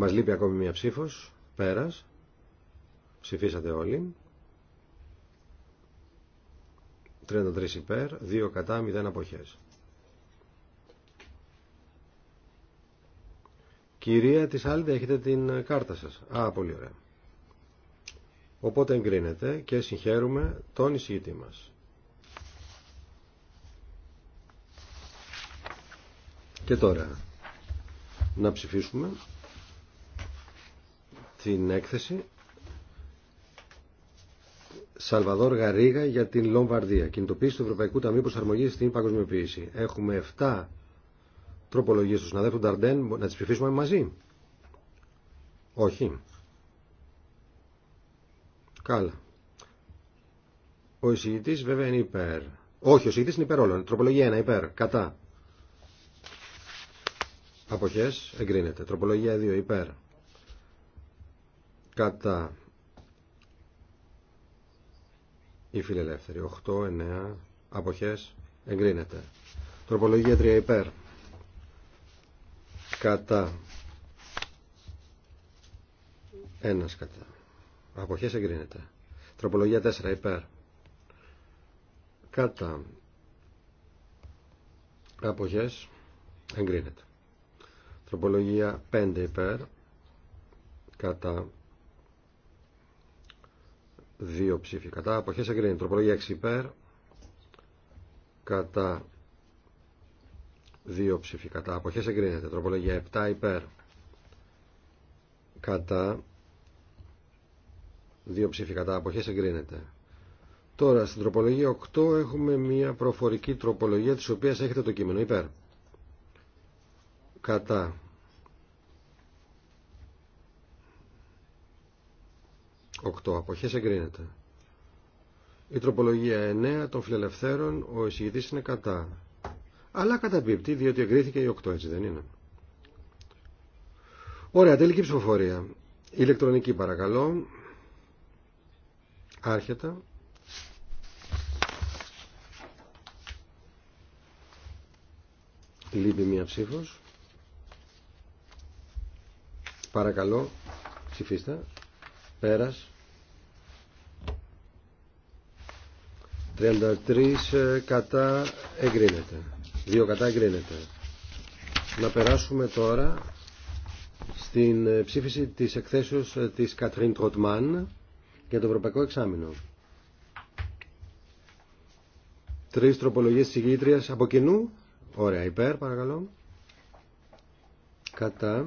Μας λείπει ακόμη μία ψήφος. Πέρας. Ψηφίσατε όλοι. 33 υπέρ, 2 κατά, 0 αποχές. Κυρία της Άλντε, έχετε την κάρτα σας. Α, πολύ ωραία. Οπότε εγκρίνεται και συγχαίρουμε τον εισηγητή μας. Και τώρα, να ψηφίσουμε την έκθεση Σαλβαδόρ Γαρίγα για την Λομβαρδία. Κινητοποίηση του Ευρωπαϊκού Ταμείου Προσαρμογή στην Παγκοσμιοποίηση. Έχουμε 7 τροπολογίε του συναδέλφου Νταρντέν. Να τι ψηφίσουμε μαζί. Όχι. Καλά. Ο εισηγητή βέβαια είναι υπέρ. Όχι, ο εισηγητή είναι υπέρ όλων. Τροπολογία 1 υπέρ. Κατά. Αποχέ. Εγκρίνεται. Τροπολογία 2 υπέρ κατά η φιλελεύθερη 8, 9 αποχές εγκρίνεται τροπολογία 3 υπέρ κατά ένας κατά αποχές εγκρίνεται τροπολογία 4 υπέρ κατά αποχές εγκρίνεται τροπολογία 5 υπέρ κατά Δύο ψήφοι κατά. Αποχές εγκρίνει. Τροπολογία 6 υπέρ. Κατά. Δύο ψήφοι κατά. Αποχές εγκρίνεται. Τροπολογία 7 υπέρ. Κατά. Δύο ψήφοι κατά. Αποχές εγκρίνεται. Τώρα στην τροπολογία 8 έχουμε μια προφορική τροπολογία τη οποία έχετε το κείμενο υπέρ. Κατά. 8 αποχές εγκρίνεται. Η τροπολογία 9 των φιλελευθέρων, ο εισηγητής είναι κατά. Αλλά καταπίπτει, διότι εγκρίθηκε η 8, έτσι δεν είναι. Ωραία, τελική ψηφοφορία. Ηλεκτρονική παρακαλώ. Άρχεται. Λείπει μία ψήφος. Παρακαλώ, ψηφίστε. Πέρας. 33 ε, κατά εγκρίνεται. 2 κατά εγκρίνεται. Να περάσουμε τώρα στην ε, ψήφιση της εκθέσεως ε, της Κατρίν Τροτμάν για το Ευρωπαϊκό Εξάμεινο. Τρεις τροπολογίες της από κοινού. Ωραία, υπέρ, παρακαλώ. Κατά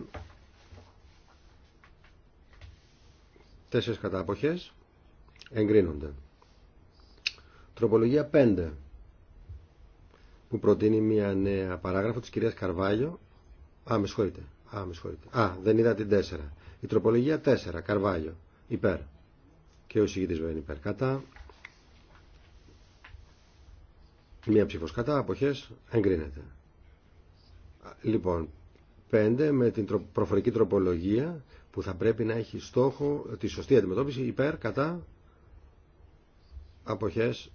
Τέσσερις κατά εγκρίνονται. Τροπολογία 5 που προτείνει μια νέα παράγραφο της κυρίας Καρβάλιο. Α, με συγχωρείτε. Α, με Α, δεν είδα την 4. Η τροπολογία 4, Καρβάλιο, υπέρ. Και ο συγκητής βέβαια είναι υπέρ. Κατά. Μία ψήφος κατά, αποχές, εγκρίνεται. Λοιπόν, 5 με την προφορική τροπολογία που θα πρέπει να έχει στόχο τη σωστή αντιμετώπιση υπέρ, κατά, αποχές,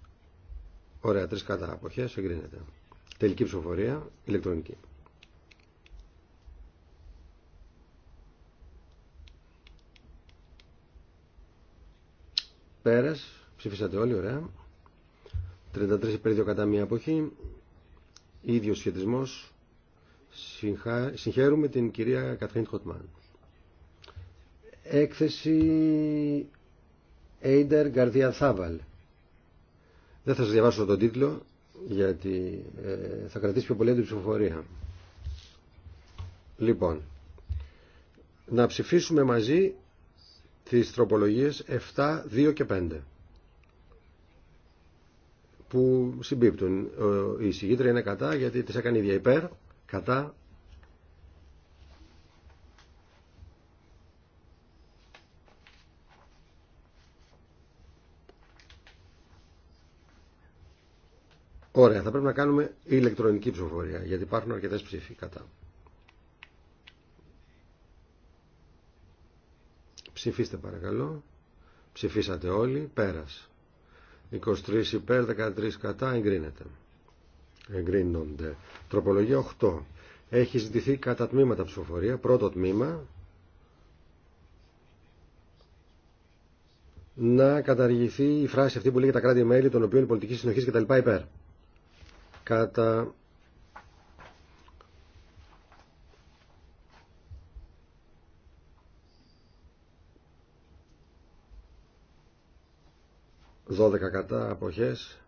ωραία, τρεις κατά αποχές, εγκρίνεται. Τελική ψηφοφορία, ηλεκτρονική. Πέρας, ψηφίσατε όλοι, ωραία. 33 υπέρ 2 κατά μία αποχή. Ίδιος σχετισμός. Συγχα... Συγχαίρουμε την κυρία Καθρίν Χοτμάν έκθεση Έιντερ Γκαρδία Θάβαλ. Δεν θα σας διαβάσω τον τίτλο γιατί ε, θα κρατήσει πιο πολύ την ψηφοφορία. Λοιπόν, να ψηφίσουμε μαζί τις τροπολογίες 7, 2 και 5 που συμπίπτουν. Η συγκίτρια είναι κατά γιατί τις έκανε ίδια υπέρ, κατά, Ωραία, θα πρέπει να κάνουμε ηλεκτρονική ψηφοφορία, γιατί υπάρχουν αρκετές ψήφοι κατά. Ψηφίστε παρακαλώ. Ψηφίσατε όλοι. Πέρας. 23 υπέρ, 13 κατά. Εγκρίνεται. Εγκρίνονται. Τροπολογία 8. Έχει ζητηθεί κατά τμήματα ψηφοφορία. Πρώτο τμήμα. Να καταργηθεί η φράση αυτή που λέγεται τα κράτη-μέλη των οποίων η πολιτική συνοχή κτλ. υπέρ κατά δώδεκα κατά αποχές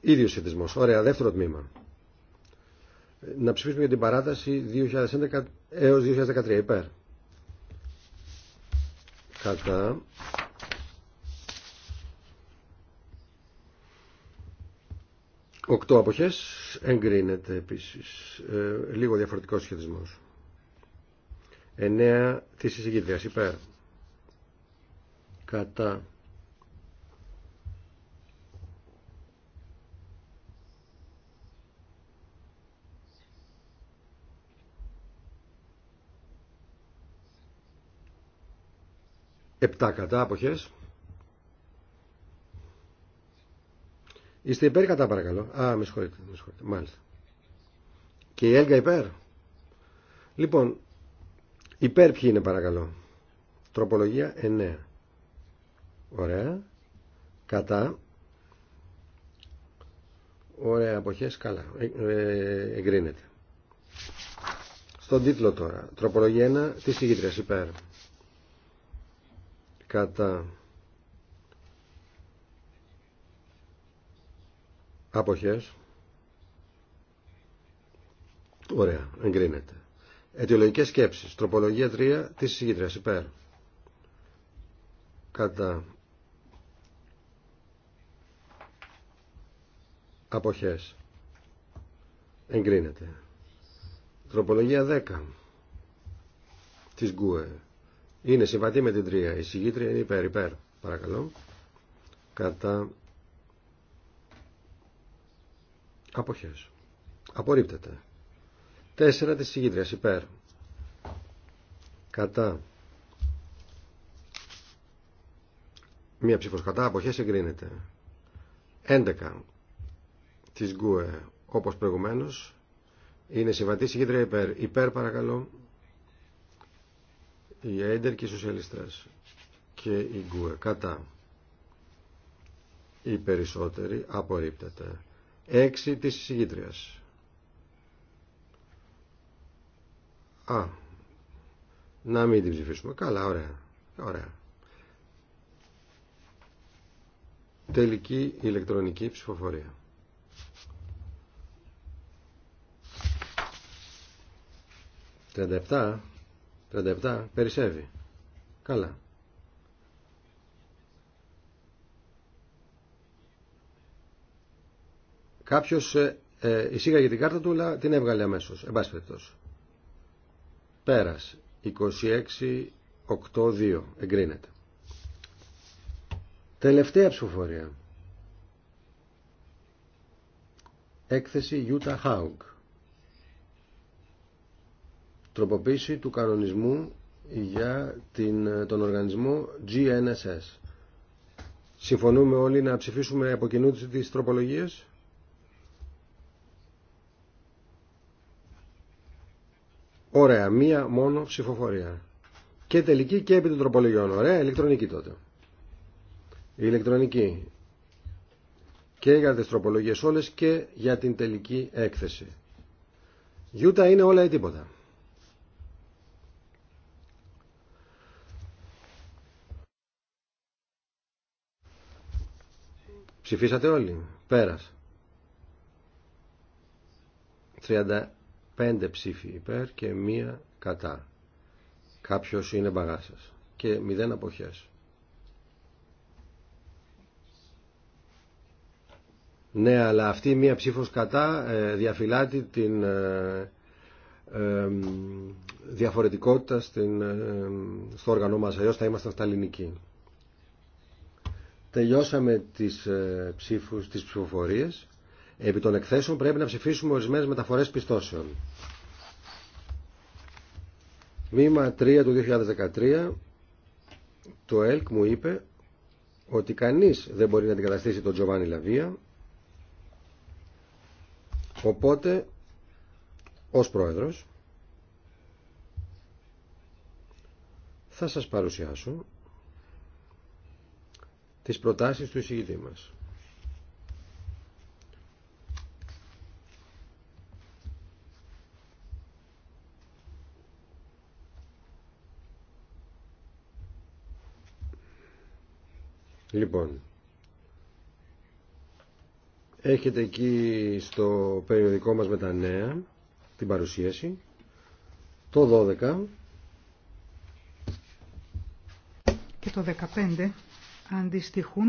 ίδιος σχετισμός ωραία δεύτερο τμήμα να ψηφίσουμε για την παράταση 2011 έως 2013 υπέρ κατά Οκτώ αποχές εγκρίνεται επίσης. Ε, λίγο διαφορετικός σχετισμός. Εννέα της εισηγήτριας υπέρ. Κατά. Επτά κατά αποχές. Είστε υπέρ κατά παρακαλώ. Α, με συγχωρείτε, με συγχωρείτε. Μάλιστα. Και η Έλγα υπέρ. Λοιπόν, υπέρ ποιοι είναι παρακαλώ. Τροπολογία 9. Ωραία. Κατά. Ωραία, αποχές, καλά. Ε, ε, εγκρίνεται. Στον τίτλο τώρα. Τροπολογία 1 Τι ηγήτριας υπέρ. Κατά. Αποχές. Ωραία, εγκρίνεται. Αιτιολογικές σκέψεις. Τροπολογία 3 της συγκίτριας υπέρ. Κατά. Αποχές. Εγκρίνεται. Τροπολογία 10 της Γκουε. Είναι συμβατή με την 3. Η συγκίτρια είναι υπέρ, υπέρ. Παρακαλώ. Κατά Αποχές. Απορρίπτεται. Τέσσερα της ηγήτριας υπέρ. Κατά. Μία ψήφος κατά. Αποχές εγκρίνεται. Έντεκα της Γκουε. όπως προηγουμένως είναι συμβατή συγκίδρια υπέρ. Υπέρ παρακαλώ οι έντερ και οι σοσιαλιστές και η Γκουε. Κατά. Οι περισσότεροι απορρίπτεται. 6 της εισηγήτριας. Α, να μην την ψηφίσουμε. Καλά, ωραία. ωραία. Τελική ηλεκτρονική ψηφοφορία. 37, 37 περισσεύει. Καλά. Κάποιο ε, ε, εισήγαγε την κάρτα του, αλλά την έβγαλε αμέσω. Εμπάσχετο. Πέρα. 26-8-2. Εγκρίνεται. Τελευταία ψηφοφορία. Έκθεση Utah Haug. Τροποποίηση του κανονισμού για την, τον οργανισμό GNSS. Συμφωνούμε όλοι να ψηφίσουμε από κοινού τις τροπολογίες. Ωραία, μία μόνο ψηφοφορία. Και τελική και επί των τροπολογιών. Ωραία, ηλεκτρονική τότε. Η ηλεκτρονική. Και για τι τροπολογίε όλε και για την τελική έκθεση. Γιούτα είναι όλα ή τίποτα. Ψηφίσατε όλοι. Πέρας. Πέντε ψήφοι υπέρ και μία κατά. Κάποιος είναι μπαγάσας. Και μηδέν αποχές. Ναι, αλλά αυτή η μία ψήφος κατά ε, διαφυλάτει την ε, ε, διαφορετικότητα στην, στο όργανό μας. Αλλιώς θα ήμασταν στα Τελειώσαμε τις ψήφους, τις ψηφοφορίες. Επί των εκθέσεων πρέπει να ψηφίσουμε ορισμένες μεταφορές πιστώσεων. Μήμα 3 του 2013 το ΕΛΚ μου είπε ότι κανείς δεν μπορεί να αντικαταστήσει τον Τζοβάνι Λαβία οπότε ως πρόεδρος θα σας παρουσιάσω τις προτάσεις του εισηγητή μας. Λοιπόν, έχετε εκεί στο περιοδικό μας με τα νέα την παρουσίαση. Το 12 και το 15 αντιστοιχούν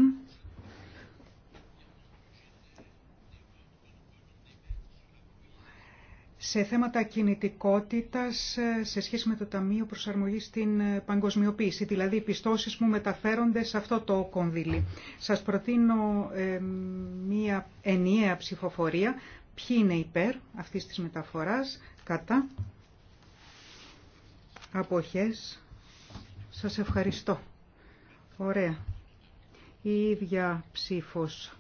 σε θέματα κινητικότητας ε, σε σχέση με το Ταμείο Προσαρμογής στην ε, Παγκοσμιοποίηση, δηλαδή οι πιστώσεις που μεταφέρονται σε αυτό το κονδύλι. Σας προτείνω ε, μία ενιαία ψηφοφορία. Ποιοι είναι υπέρ αυτής της μεταφοράς, κατά, αποχές. Σας ευχαριστώ. Ωραία. Η ίδια ψήφος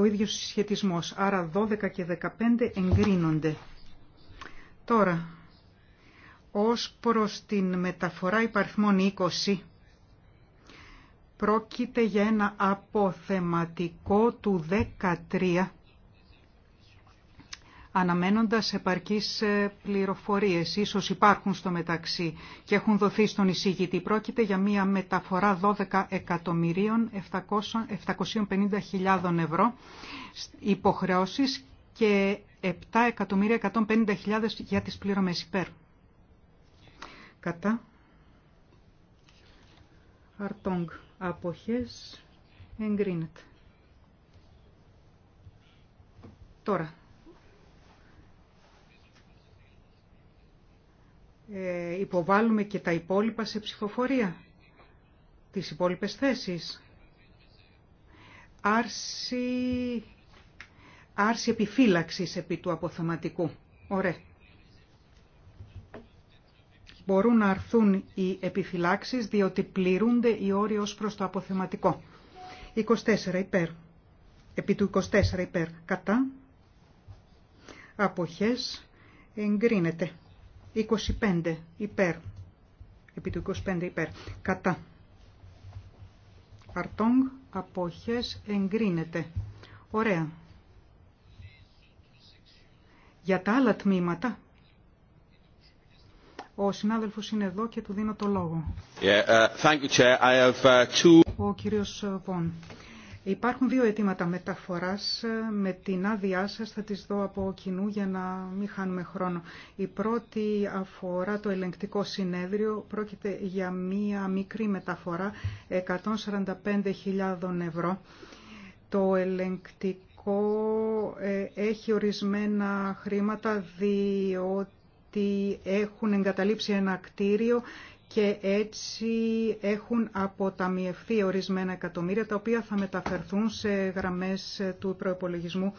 ο ίδιος συσχετισμός. Άρα 12 και 15 εγκρίνονται. Τώρα, ως προς την μεταφορά υπαριθμών 20, πρόκειται για ένα αποθεματικό του 13, αναμένοντας επαρκείς ε, πληροφορίες. Ίσως υπάρχουν στο μεταξύ και έχουν δοθεί στον εισηγητή. Πρόκειται για μια μεταφορά 12 ευρώ υποχρεώσεις και 7.150.000 για τις πληρωμές υπέρ. Κατά. Αρτόγκ. Αποχές. Εγκρίνεται. Τώρα. Ε, υποβάλλουμε και τα υπόλοιπα σε ψηφοφορία. Τις υπόλοιπες θέσεις. Άρση άρση επιφύλαξη επί του αποθεματικού. Ωραία. Μπορούν να αρθούν οι επιφυλάξεις διότι πληρούνται οι όροι ως προς το αποθεματικό. 24 υπέρ. Επί του 24 υπέρ. Κατά. Αποχές. Εγκρίνεται. 25 υπέρ. Επί του 25 υπέρ. Κατά. Αρτόγκ. Αποχές. Εγκρίνεται. Ωραία για τα άλλα τμήματα. Ο συνάδελφος είναι εδώ και του δίνω το λόγο. Uh, thank you, I have uh, two... Ο κύριος Βον. Υπάρχουν δύο αιτήματα μεταφοράς. Με την άδειά σας θα τις δω από κοινού για να μην χάνουμε χρόνο. Η πρώτη αφορά το ελεγκτικό συνέδριο. Πρόκειται για μία μικρή μεταφορά 145.000 ευρώ. Το ελεγκτικό ε, έχει ορισμένα χρήματα διότι έχουν εγκαταλείψει ένα κτίριο και έτσι έχουν αποταμιευθεί ορισμένα εκατομμύρια τα οποία θα μεταφερθούν σε γραμμές του προϋπολογισμού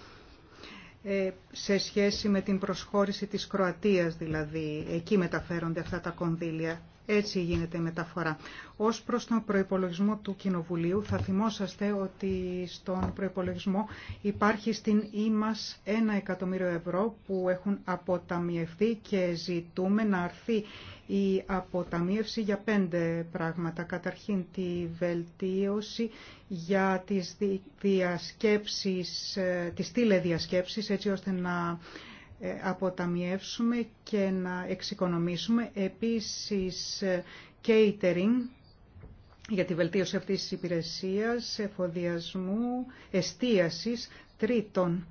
ε, σε σχέση με την προσχώρηση της Κροατίας δηλαδή. Εκεί μεταφέρονται αυτά τα κονδύλια. Έτσι γίνεται η μεταφορά. Ως προς τον προϋπολογισμό του Κοινοβουλίου θα θυμόσαστε ότι στον προϋπολογισμό υπάρχει στην ΙΜΑΣ ένα εκατομμύριο ευρώ που έχουν αποταμιευθεί και ζητούμε να αρθεί η αποταμίευση για πέντε πράγματα. Καταρχήν τη βελτίωση για τις διασκέψεις, ε, τις τηλεδιασκέψεις έτσι ώστε να ε, αποταμιεύσουμε και να εξοικονομήσουμε. Επίσης, ε, catering για τη βελτίωση αυτής της υπηρεσίας, εφοδιασμού, εστίασης, τρίτον,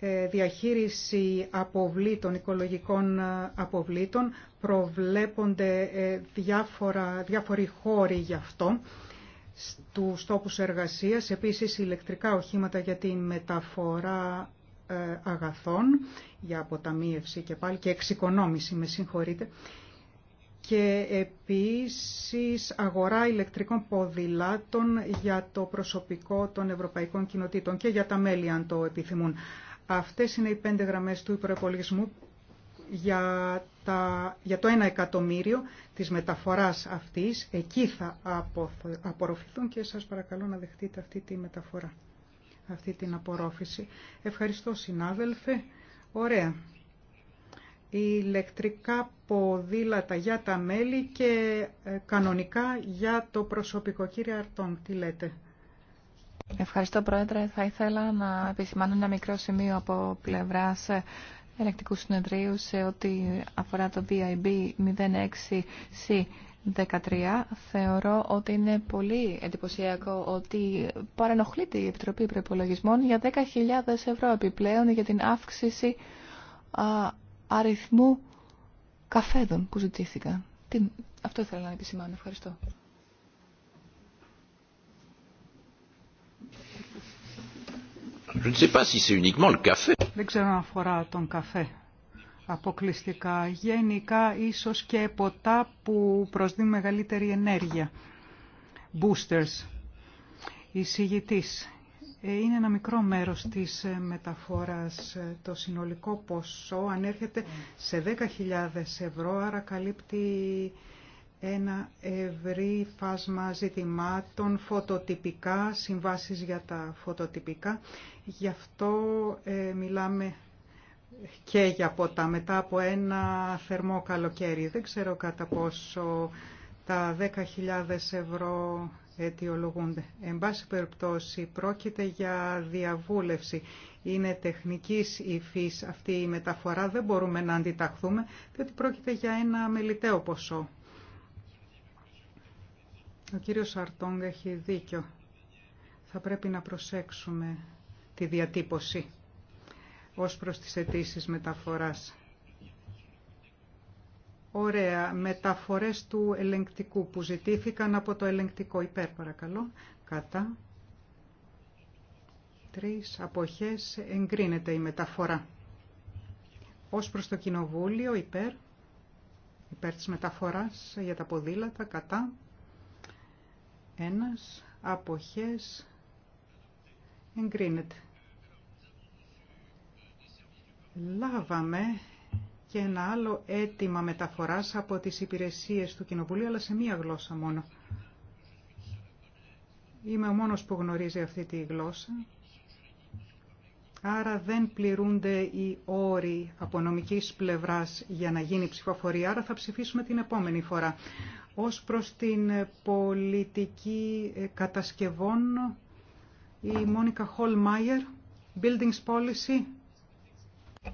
ε, διαχείριση αποβλήτων, οικολογικών αποβλήτων, προβλέπονται διάφορα, διάφοροι χώροι γι' αυτό στους τόπους εργασίας, επίσης ηλεκτρικά οχήματα για τη μεταφορά ε, αγαθών για αποταμίευση και πάλι και εξοικονόμηση, με συγχωρείτε, και επίσης αγορά ηλεκτρικών ποδηλάτων για το προσωπικό των Ευρωπαϊκών Κοινοτήτων και για τα μέλη αν το επιθυμούν. Αυτές είναι οι πέντε γραμμές του υπερεπολίσμού για, τα, για το ένα εκατομμύριο της μεταφοράς αυτής. Εκεί θα απορροφηθούν και σας παρακαλώ να δεχτείτε αυτή τη μεταφορά αυτή την απορρόφηση. Ευχαριστώ συνάδελφε. Ωραία. Ηλεκτρικά ποδήλατα για τα μέλη και ε, κανονικά για το προσωπικό. Κύριε Αρτών, τι λέτε. Ευχαριστώ Πρόεδρε. Θα ήθελα να επισημάνω ένα μικρό σημείο από πλευράς ε, ελεκτικού συνεδρίου σε ό,τι αφορά το VIB 06C 13 θεωρώ ότι είναι πολύ εντυπωσιακό ότι παρενοχλείται η Επιτροπή Προπολογισμών για 10.000 ευρώ επιπλέον για την αύξηση αριθμού καφέδων που ζητήθηκαν. Τι... Αυτό ήθελα να επισημάνω. Ευχαριστώ. Δεν ξέρω αν αφορά τον καφέ αποκλειστικά. Γενικά ίσως και ποτά που προσδίδουν μεγαλύτερη ενέργεια. Boosters. Εισηγητής. Ε, είναι ένα μικρό μέρος της ε, μεταφοράς. Ε, το συνολικό ποσό ανέρχεται σε 10.000 ευρώ, άρα καλύπτει ένα ευρύ φάσμα ζητημάτων, φωτοτυπικά, συμβάσεις για τα φωτοτυπικά. Γι' αυτό μιλάμε και για ποτά μετά από ένα θερμό καλοκαίρι. Δεν ξέρω κατά πόσο τα 10.000 ευρώ αιτιολογούνται. Εν πάση περιπτώσει πρόκειται για διαβούλευση. Είναι τεχνικής υφής αυτή η μεταφορά, δεν μπορούμε να αντιταχθούμε, διότι πρόκειται για ένα μελιτέο ποσό. Ο κύριος Αρτόγκ έχει δίκιο. Θα πρέπει να προσέξουμε τη διατύπωση ως προς τις αιτήσει μεταφοράς. Ωραία. Μεταφορές του ελεγκτικού που ζητήθηκαν από το ελεγκτικό. Υπέρ παρακαλώ. Κατά. Τρεις αποχές εγκρίνεται η μεταφορά. Ως προς το κοινοβούλιο υπέρ. Υπέρ της μεταφοράς για τα ποδήλατα. Κατά. Ένας. Αποχές εγκρίνεται λάβαμε και ένα άλλο αίτημα μεταφοράς από τις υπηρεσίες του Κοινοβουλίου, αλλά σε μία γλώσσα μόνο. Είμαι ο μόνος που γνωρίζει αυτή τη γλώσσα. Άρα δεν πληρούνται οι όροι από νομικής πλευράς για να γίνει ψηφοφορία, άρα θα ψηφίσουμε την επόμενη φορά. Ως προς την πολιτική κατασκευών, η Μόνικα Χολμάιερ, Buildings Policy,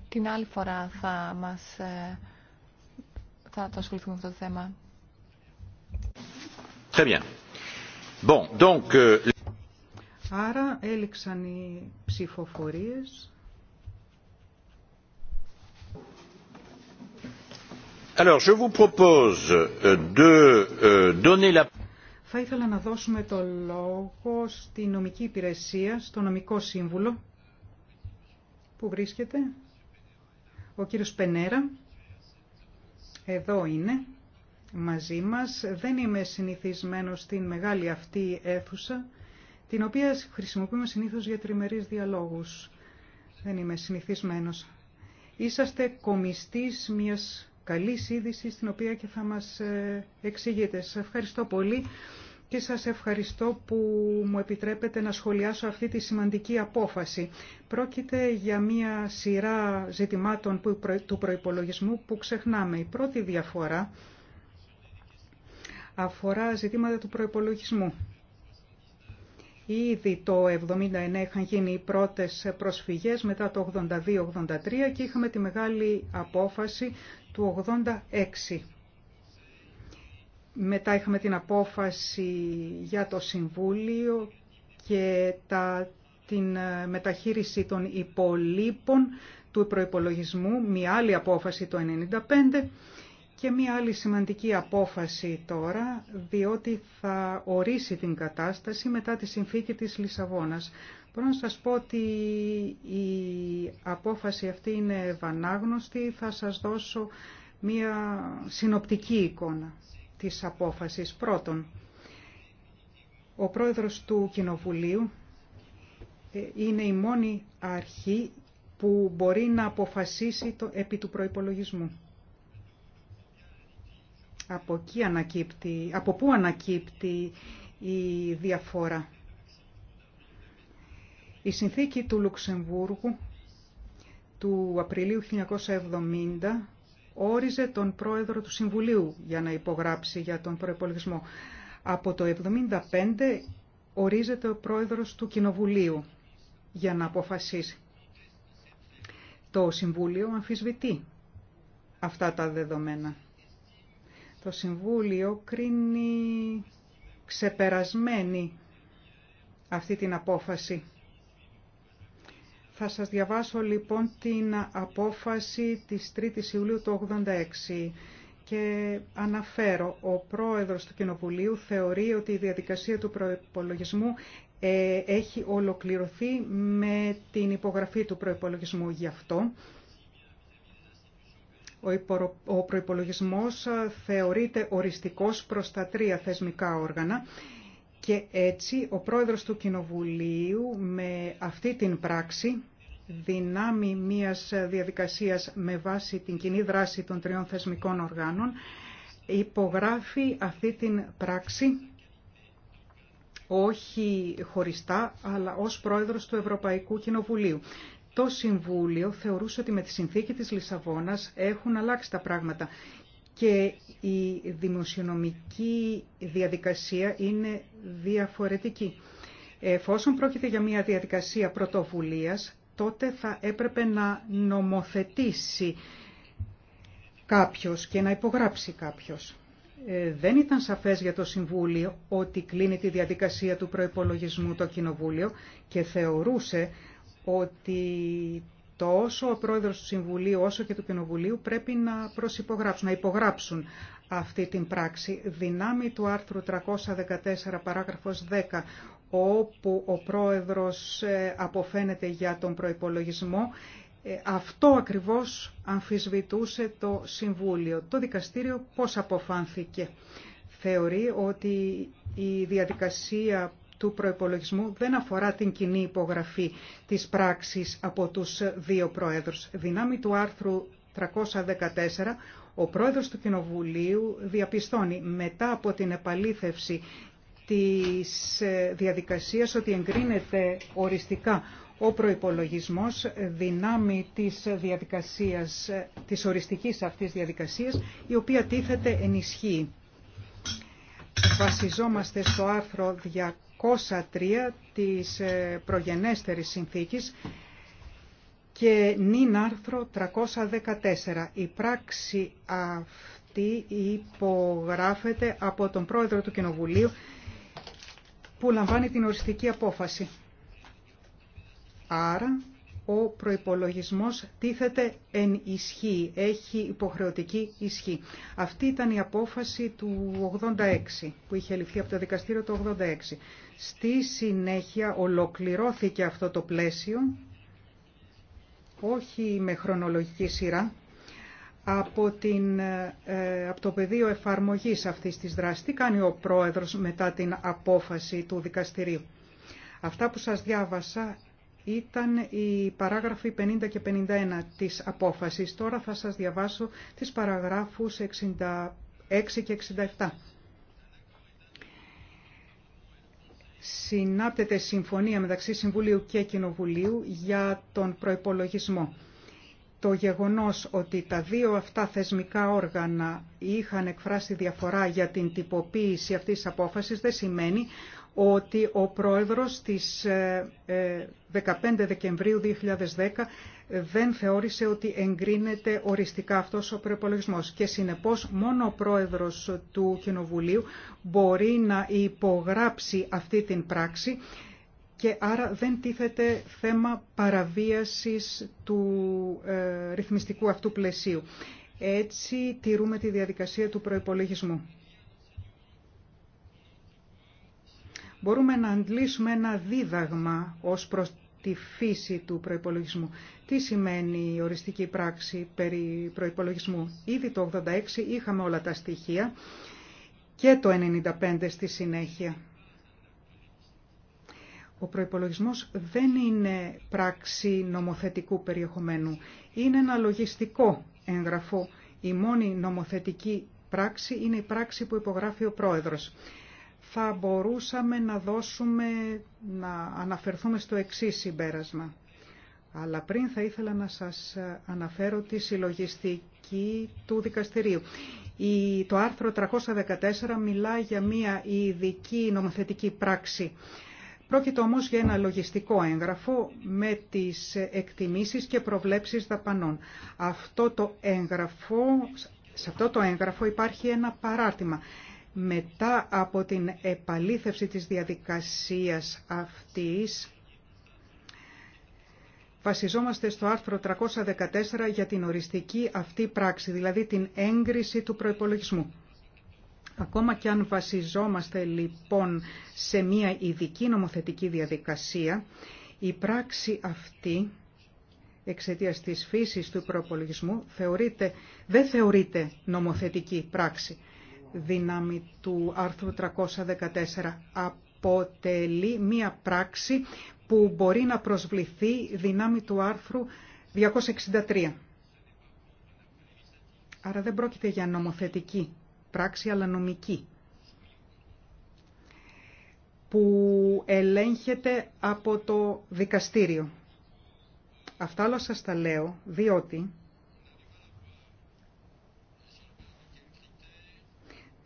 την άλλη φορά θα μας ε, θα το ασχοληθούμε με αυτό το θέμα. Euh, Άρα έληξαν οι ψηφοφορίες. Alors, je euh, euh, Θα ήθελα να δώσουμε το λόγο στη νομική υπηρεσία, στο νομικό σύμβουλο που βρίσκεται. Ο κύριος Πενέρα, εδώ είναι, μαζί μας. Δεν είμαι συνηθισμένος στην μεγάλη αυτή αίθουσα, την οποία χρησιμοποιούμε συνήθως για τριμερείς διαλόγους. Δεν είμαι συνηθισμένος. Είσαστε κομιστής μιας καλής είδησης, την οποία και θα μας ε, εξηγείτε. Σας ευχαριστώ πολύ και σας ευχαριστώ που μου επιτρέπετε να σχολιάσω αυτή τη σημαντική απόφαση. Πρόκειται για μία σειρά ζητημάτων του προϋπολογισμού που ξεχνάμε. Η πρώτη διαφορά αφορά ζητήματα του προϋπολογισμού. Ήδη το 79 είχαν γίνει οι πρώτες προσφυγές μετά το 82-83 και είχαμε τη μεγάλη απόφαση του 86 μετά είχαμε την απόφαση για το Συμβούλιο και τα, την ε, μεταχείριση των υπολείπων του προϋπολογισμού, μια άλλη απόφαση το 1995 και μια άλλη σημαντική απόφαση τώρα, διότι θα ορίσει την κατάσταση μετά τη συνθήκη της Λισαβόνας. Μπορώ να σας πω ότι η απόφαση αυτή είναι βανάγνωστη, θα σας δώσω μια συνοπτική εικόνα της απόφασης. Πρώτον, ο πρόεδρος του Κοινοβουλίου ε, είναι η μόνη αρχή που μπορεί να αποφασίσει το, επί του προϋπολογισμού. Από, από πού ανακύπτει η διαφορά. Η συνθήκη του Λουξεμβούργου του Απριλίου 1970 όριζε τον πρόεδρο του Συμβουλίου για να υπογράψει για τον προπολογισμό. Από το 1975 ορίζεται ο πρόεδρος του Κοινοβουλίου για να αποφασίσει. Το Συμβούλιο αμφισβητεί αυτά τα δεδομένα. Το Συμβούλιο κρίνει ξεπερασμένη αυτή την απόφαση θα σας διαβάσω λοιπόν την απόφαση της 3ης Ιουλίου του 86 και αναφέρω, ο πρόεδρος του Κοινοβουλίου θεωρεί ότι η διαδικασία του προϋπολογισμού ε, έχει ολοκληρωθεί με την υπογραφή του προϋπολογισμού γι' αυτό. Ο προϋπολογισμός ε, θεωρείται οριστικός προς τα τρία θεσμικά όργανα και έτσι ο πρόεδρος του Κοινοβουλίου με αυτή την πράξη δυνάμει μιας διαδικασίας με βάση την κοινή δράση των τριών θεσμικών οργάνων υπογράφει αυτή την πράξη όχι χωριστά, αλλά ως πρόεδρος του Ευρωπαϊκού Κοινοβουλίου. Το Συμβούλιο θεωρούσε ότι με τη συνθήκη της Λισαβόνας έχουν αλλάξει τα πράγματα και η δημοσιονομική διαδικασία είναι διαφορετική. Εφόσον πρόκειται για μια διαδικασία πρωτοβουλίας, τότε θα έπρεπε να νομοθετήσει κάποιος και να υπογράψει κάποιος. Ε, δεν ήταν σαφές για το Συμβούλιο ότι κλείνει τη διαδικασία του προϋπολογισμού το Κοινοβούλιο και θεωρούσε ότι τόσο ο πρόεδρος του Συμβουλίου όσο και του Κοινοβουλίου πρέπει να προσυπογράψουν, να υπογράψουν αυτή την πράξη. Δυνάμει του άρθρου 314 παράγραφος 10 όπου ο πρόεδρος ε, αποφαίνεται για τον προϋπολογισμό ε, αυτό ακριβώς αμφισβητούσε το Συμβούλιο. Το δικαστήριο πώς αποφάνθηκε. Θεωρεί ότι η διαδικασία του προπολογισμού δεν αφορά την κοινή υπογραφή της πράξης από τους δύο πρόεδρους. Δυνάμει του άρθρου 314, ο πρόεδρος του Κοινοβουλίου διαπιστώνει μετά από την επαλήθευση της ε, διαδικασίας ότι εγκρίνεται οριστικά ο προϋπολογισμός δυνάμει της διαδικασίας, ε, της οριστικής αυτής διαδικασίας, η οποία τίθεται ενισχύει βασιζόμαστε στο άρθρο 203 της ε, προγενέστερης συνθήκης και νυν άρθρο 314. Η πράξη αυτή υπογράφεται από τον πρόεδρο του Κοινοβουλίου που λαμβάνει την οριστική απόφαση. Άρα ο προϋπολογισμός τίθεται εν ισχύ, έχει υποχρεωτική ισχύ. Αυτή ήταν η απόφαση του 86 που είχε ληφθεί από το δικαστήριο το 86. Στη συνέχεια ολοκληρώθηκε αυτό το πλαίσιο, όχι με χρονολογική σειρά, από, την, ε, από το πεδίο εφαρμογής αυτής της δράσης. Τι κάνει ο πρόεδρος μετά την απόφαση του δικαστηρίου. Αυτά που σας διάβασα ήταν οι παράγραφοι 50 και 51 της απόφασης. Τώρα θα σας διαβάσω τις παραγράφους 66 και 67. Συνάπτεται συμφωνία μεταξύ Συμβουλίου και Κοινοβουλίου για τον προϋπολογισμό. Το γεγονός ότι τα δύο αυτά θεσμικά όργανα είχαν εκφράσει διαφορά για την τυποποίηση αυτής της απόφασης δεν σημαίνει ότι ο πρόεδρος της 15 ε, ε, Δεκεμβρίου 2010 δεν θεώρησε ότι εγκρίνεται οριστικά αυτός ο προϋπολογισμός και συνεπώς μόνο ο πρόεδρος του Κοινοβουλίου μπορεί να υπογράψει αυτή την πράξη και άρα δεν τίθεται θέμα παραβίασης του ε, ρυθμιστικού αυτού πλαισίου. Έτσι τηρούμε τη διαδικασία του προϋπολογισμού. μπορούμε να αντλήσουμε ένα δίδαγμα ως προς τη φύση του προϋπολογισμού. Τι σημαίνει η οριστική πράξη περί προϋπολογισμού. Ήδη το 86 είχαμε όλα τα στοιχεία και το 95 στη συνέχεια. Ο προϋπολογισμός δεν είναι πράξη νομοθετικού περιεχομένου. Είναι ένα λογιστικό έγγραφο. Η μόνη νομοθετική πράξη είναι η πράξη που υπογράφει ο πρόεδρος θα μπορούσαμε να δώσουμε, να αναφερθούμε στο εξής συμπέρασμα. Αλλά πριν θα ήθελα να σας αναφέρω τη συλλογιστική του δικαστηρίου. Η, το άρθρο 314 μιλά για μία ειδική νομοθετική πράξη. Πρόκειται όμως για ένα λογιστικό έγγραφο με τις εκτιμήσεις και προβλέψεις δαπανών. Αυτό το έγγραφο, σε αυτό το έγγραφο υπάρχει ένα παράρτημα μετά από την επαλήθευση της διαδικασίας αυτής, βασιζόμαστε στο άρθρο 314 για την οριστική αυτή πράξη, δηλαδή την έγκριση του προϋπολογισμού. Ακόμα και αν βασιζόμαστε λοιπόν σε μια ειδική νομοθετική διαδικασία, η πράξη αυτή εξαιτία της φύσης του προπολογισμού θεωρείται, δεν θεωρείται νομοθετική πράξη δύναμη του άρθρου 314 αποτελεί μία πράξη που μπορεί να προσβληθεί δύναμη του άρθρου 263. Άρα δεν πρόκειται για νομοθετική πράξη, αλλά νομική, που ελέγχεται από το δικαστήριο. Αυτά όλα σας τα λέω, διότι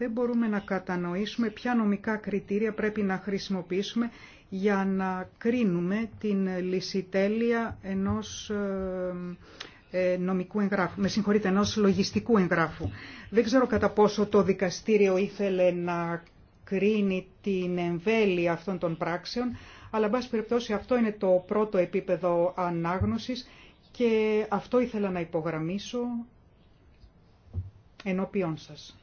δεν μπορούμε να κατανοήσουμε ποια νομικά κριτήρια πρέπει να χρησιμοποιήσουμε για να κρίνουμε την λυσιτέλεια ενός ε, ε, νομικού εγγράφου, με συγχωρείτε, ενός λογιστικού εγγράφου. Δεν ξέρω κατά πόσο το δικαστήριο ήθελε να κρίνει την εμβέλεια αυτών των πράξεων, αλλά, εν περιπτώσει, αυτό είναι το πρώτο επίπεδο ανάγνωσης και αυτό ήθελα να υπογραμμίσω ενώπιόν σας.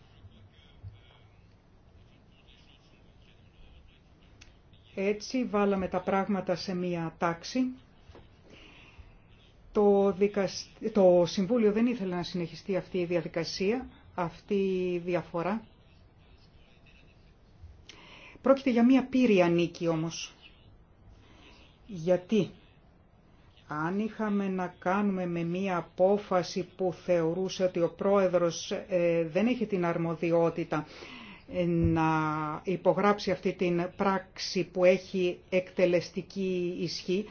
Έτσι βάλαμε τα πράγματα σε μία τάξη. Το, το Συμβούλιο δεν ήθελε να συνεχιστεί αυτή η διαδικασία, αυτή η διαφορά. Πρόκειται για μία πύρια νίκη όμως. Γιατί αν είχαμε να κάνουμε με μία απόφαση που θεωρούσε ότι ο πρόεδρος ε, δεν έχει την αρμοδιότητα να υπογράψει αυτή την πράξη που έχει εκτελεστική ισχύ,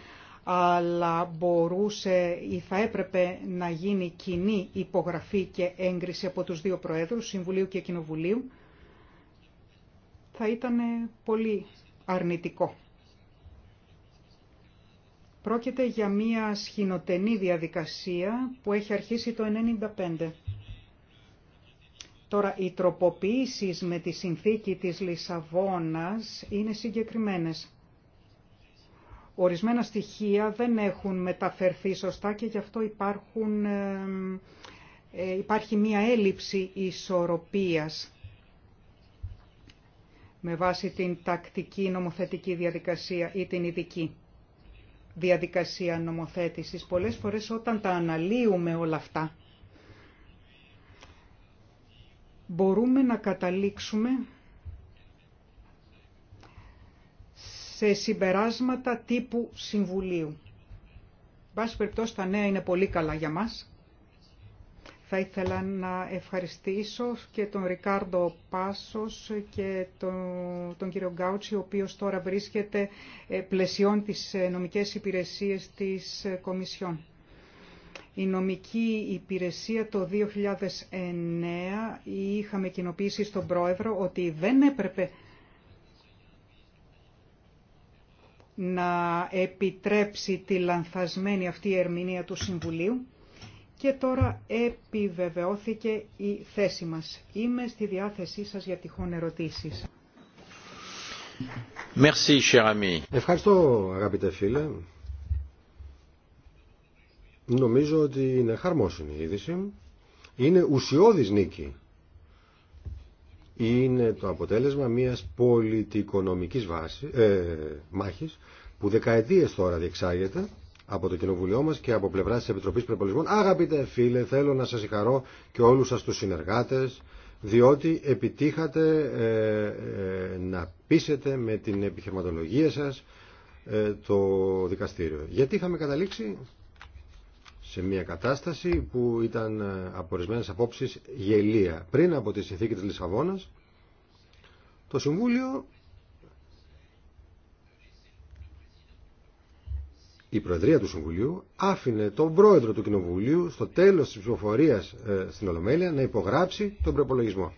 αλλά μπορούσε ή θα έπρεπε να γίνει κοινή υπογραφή και έγκριση από τους δύο Προέδρους, Συμβουλίου και Κοινοβουλίου, θα ήταν πολύ αρνητικό. Πρόκειται για μία σχηνοτενή διαδικασία που έχει αρχίσει το 1995. Τώρα, οι τροποποιήσεις με τη συνθήκη της Λισαβόνας είναι συγκεκριμένες. Ορισμένα στοιχεία δεν έχουν μεταφερθεί σωστά και γι' αυτό υπάρχουν, ε, υπάρχει μία έλλειψη ισορροπίας με βάση την τακτική νομοθετική διαδικασία ή την ειδική διαδικασία νομοθέτησης. Πολλές φορές όταν τα αναλύουμε όλα αυτά, μπορούμε να καταλήξουμε σε συμπεράσματα τύπου συμβουλίου. πάση περιπτώσει τα νέα είναι πολύ καλά για μας. Θα ήθελα να ευχαριστήσω και τον Ρικάρντο Πάσος και τον, τον κύριο Γκάουτσι, ο οποίος τώρα βρίσκεται ε, πλαισιών της ε, νομικές υπηρεσίες της ε, Κομισιόν. Η νομική υπηρεσία το 2009 είχαμε κοινοποιήσει στον πρόεδρο ότι δεν έπρεπε να επιτρέψει τη λανθασμένη αυτή η ερμηνεία του Συμβουλίου και τώρα επιβεβαιώθηκε η θέση μας. Είμαι στη διάθεσή σας για τυχόν ερωτήσεις. Merci, cher ami. Ευχαριστώ αγαπητέ φίλε. Νομίζω ότι είναι χαρμόσυνη η είδηση. Είναι ουσιώδης νίκη. Είναι το αποτέλεσμα μιας πολιτικονομικής βάσης, ε, μάχης που δεκαετίες τώρα διεξάγεται από το Κοινοβουλίο μας και από πλευρά της Επιτροπής Πρεπολισμών. Αγαπητέ φίλε, θέλω να σας συγχαρώ και όλους σας τους συνεργάτες, διότι επιτύχατε ε, ε, να πείσετε με την επιχειρηματολογία σας το δικαστήριο. Γιατί είχαμε καταλήξει σε μια κατάσταση που ήταν ε, από ορισμένε απόψει γελία. Πριν από τη συνθήκη της Λισαβόνας, το Συμβούλιο, η Προεδρία του Συμβουλίου, άφηνε τον πρόεδρο του Κοινοβουλίου στο τέλος της ψηφοφορίας ε, στην Ολομέλεια να υπογράψει τον προπολογισμό.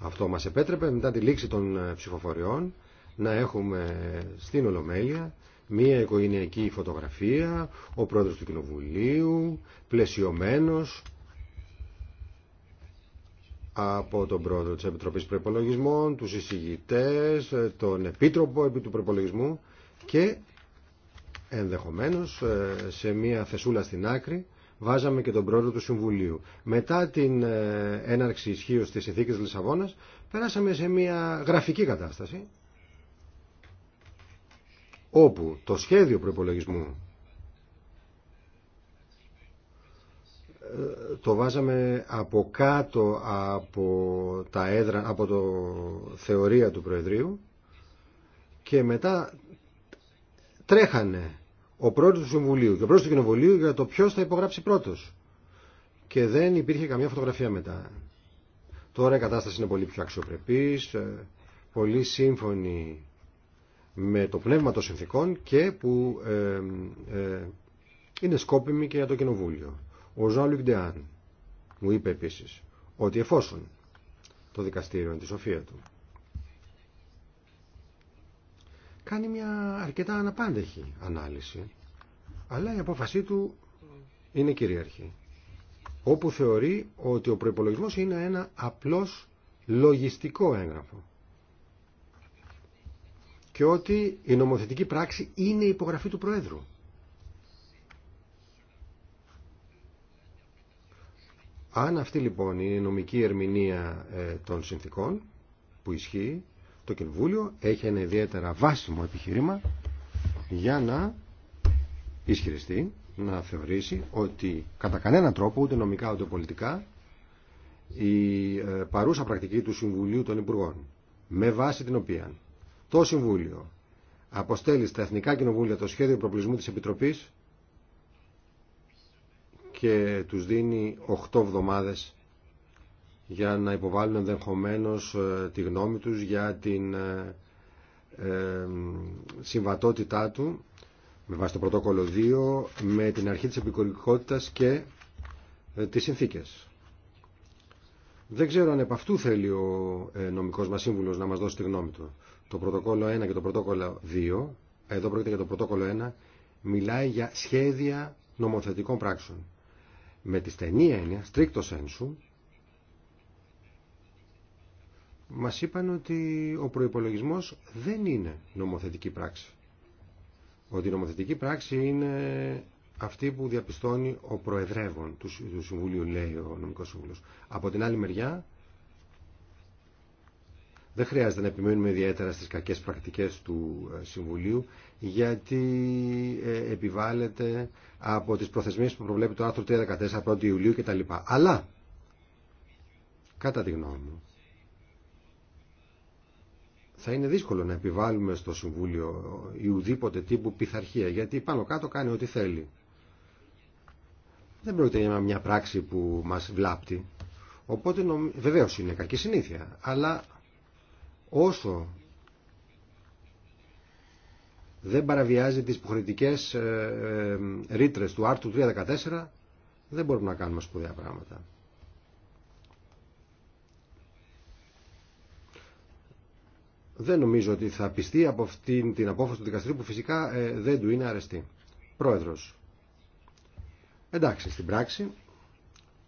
Αυτό μας επέτρεπε μετά τη λήξη των ε, ψηφοφοριών να έχουμε στην Ολομέλεια μία οικογενειακή φωτογραφία, ο πρόεδρος του κοινοβουλίου, πλαισιωμένος από τον πρόεδρο της Επιτροπής Προπολογισμών, τους εισηγητές, τον επίτροπο επί του προϋπολογισμού και ενδεχομένως ε, σε μία θεσούλα στην άκρη βάζαμε και τον πρόεδρο του Συμβουλίου. Μετά την ε, έναρξη ισχύω της συνθήκης Λισαβόνας περάσαμε σε μία γραφική κατάσταση όπου το σχέδιο προπολογισμού ε, το βάζαμε από κάτω από τα έδρα, από το θεωρία του Προεδρείου και μετά τρέχανε ο πρόεδρος του Συμβουλίου και ο πρόεδρος του Κοινοβουλίου για το ποιος θα υπογράψει πρώτος. Και δεν υπήρχε καμιά φωτογραφία μετά. Τώρα η κατάσταση είναι πολύ πιο αξιοπρεπής, ε, πολύ σύμφωνη με το πνεύμα των συνθήκων και που ε, ε, είναι σκόπιμη και για το Κοινοβούλιο. Ο Ζωάν Ντεάν μου είπε επίσης ότι εφόσον το δικαστήριο είναι τη σοφία του κάνει μια αρκετά αναπάντεχη ανάλυση αλλά η απόφασή του είναι κυρίαρχη όπου θεωρεί ότι ο προϋπολογισμός είναι ένα απλώς λογιστικό έγγραφο και ότι η νομοθετική πράξη είναι η υπογραφή του Προέδρου. Αν αυτή λοιπόν είναι η νομική ερμηνεία ε, των συνθήκων που ισχύει, το Κοινοβούλιο έχει ένα ιδιαίτερα βάσιμο επιχείρημα για να ισχυριστεί, να θεωρήσει ότι κατά κανένα τρόπο, ούτε νομικά ούτε πολιτικά, η ε, παρούσα πρακτική του Συμβουλίου των Υπουργών, με βάση την οποία το Συμβούλιο αποστέλει στα Εθνικά Κοινοβούλια το σχέδιο προπλησμού της Επιτροπής και τους δίνει 8 εβδομάδες για να υποβάλουν ενδεχομένω ε, τη γνώμη τους για την ε, ε, συμβατότητά του με βάση το πρωτόκολλο 2 με την αρχή της επικορικότητας και τις συνθήκες. Δεν ξέρω αν επ' αυτού θέλει ο νομικός μας σύμβουλος να μας δώσει τη γνώμη του το πρωτοκόλλο 1 και το πρωτόκολλο 2, εδώ πρόκειται για το πρωτόκολλο 1, μιλάει για σχέδια νομοθετικών πράξεων. Με τη στενή έννοια, στρίκτο ένσου, μας είπαν ότι ο προϋπολογισμός δεν είναι νομοθετική πράξη. Ότι η νομοθετική πράξη είναι αυτή που διαπιστώνει ο Προεδρεύων του Συμβουλίου, λέει ο Νομικός Συμβουλός. Από την άλλη μεριά, δεν χρειάζεται να επιμένουμε ιδιαίτερα στις κακές πρακτικές του ε, Συμβουλίου γιατί ε, επιβάλλεται από τις προθεσμίες που προβλέπει το άρθρο 314 1η Ιουλίου κτλ. Αλλά, κατά τη γνώμη μου, θα είναι δύσκολο να επιβάλλουμε στο Συμβούλιο ή ε, ουδήποτε τύπου πειθαρχία γιατί πάνω κάτω κάνει ό,τι θέλει. Δεν πρόκειται για μια πράξη που μας βλάπτει. Οπότε βεβαίω είναι κακή συνήθεια, αλλά όσο δεν παραβιάζει τις υποχρεωτικές ε, ε, ρήτρες του άρθρου 314 δεν μπορούμε να κάνουμε σπουδαία πράγματα. Δεν νομίζω ότι θα πιστεί από αυτήν την απόφαση του δικαστηρίου που φυσικά ε, δεν του είναι αρεστή. Πρόεδρος. Εντάξει, στην πράξη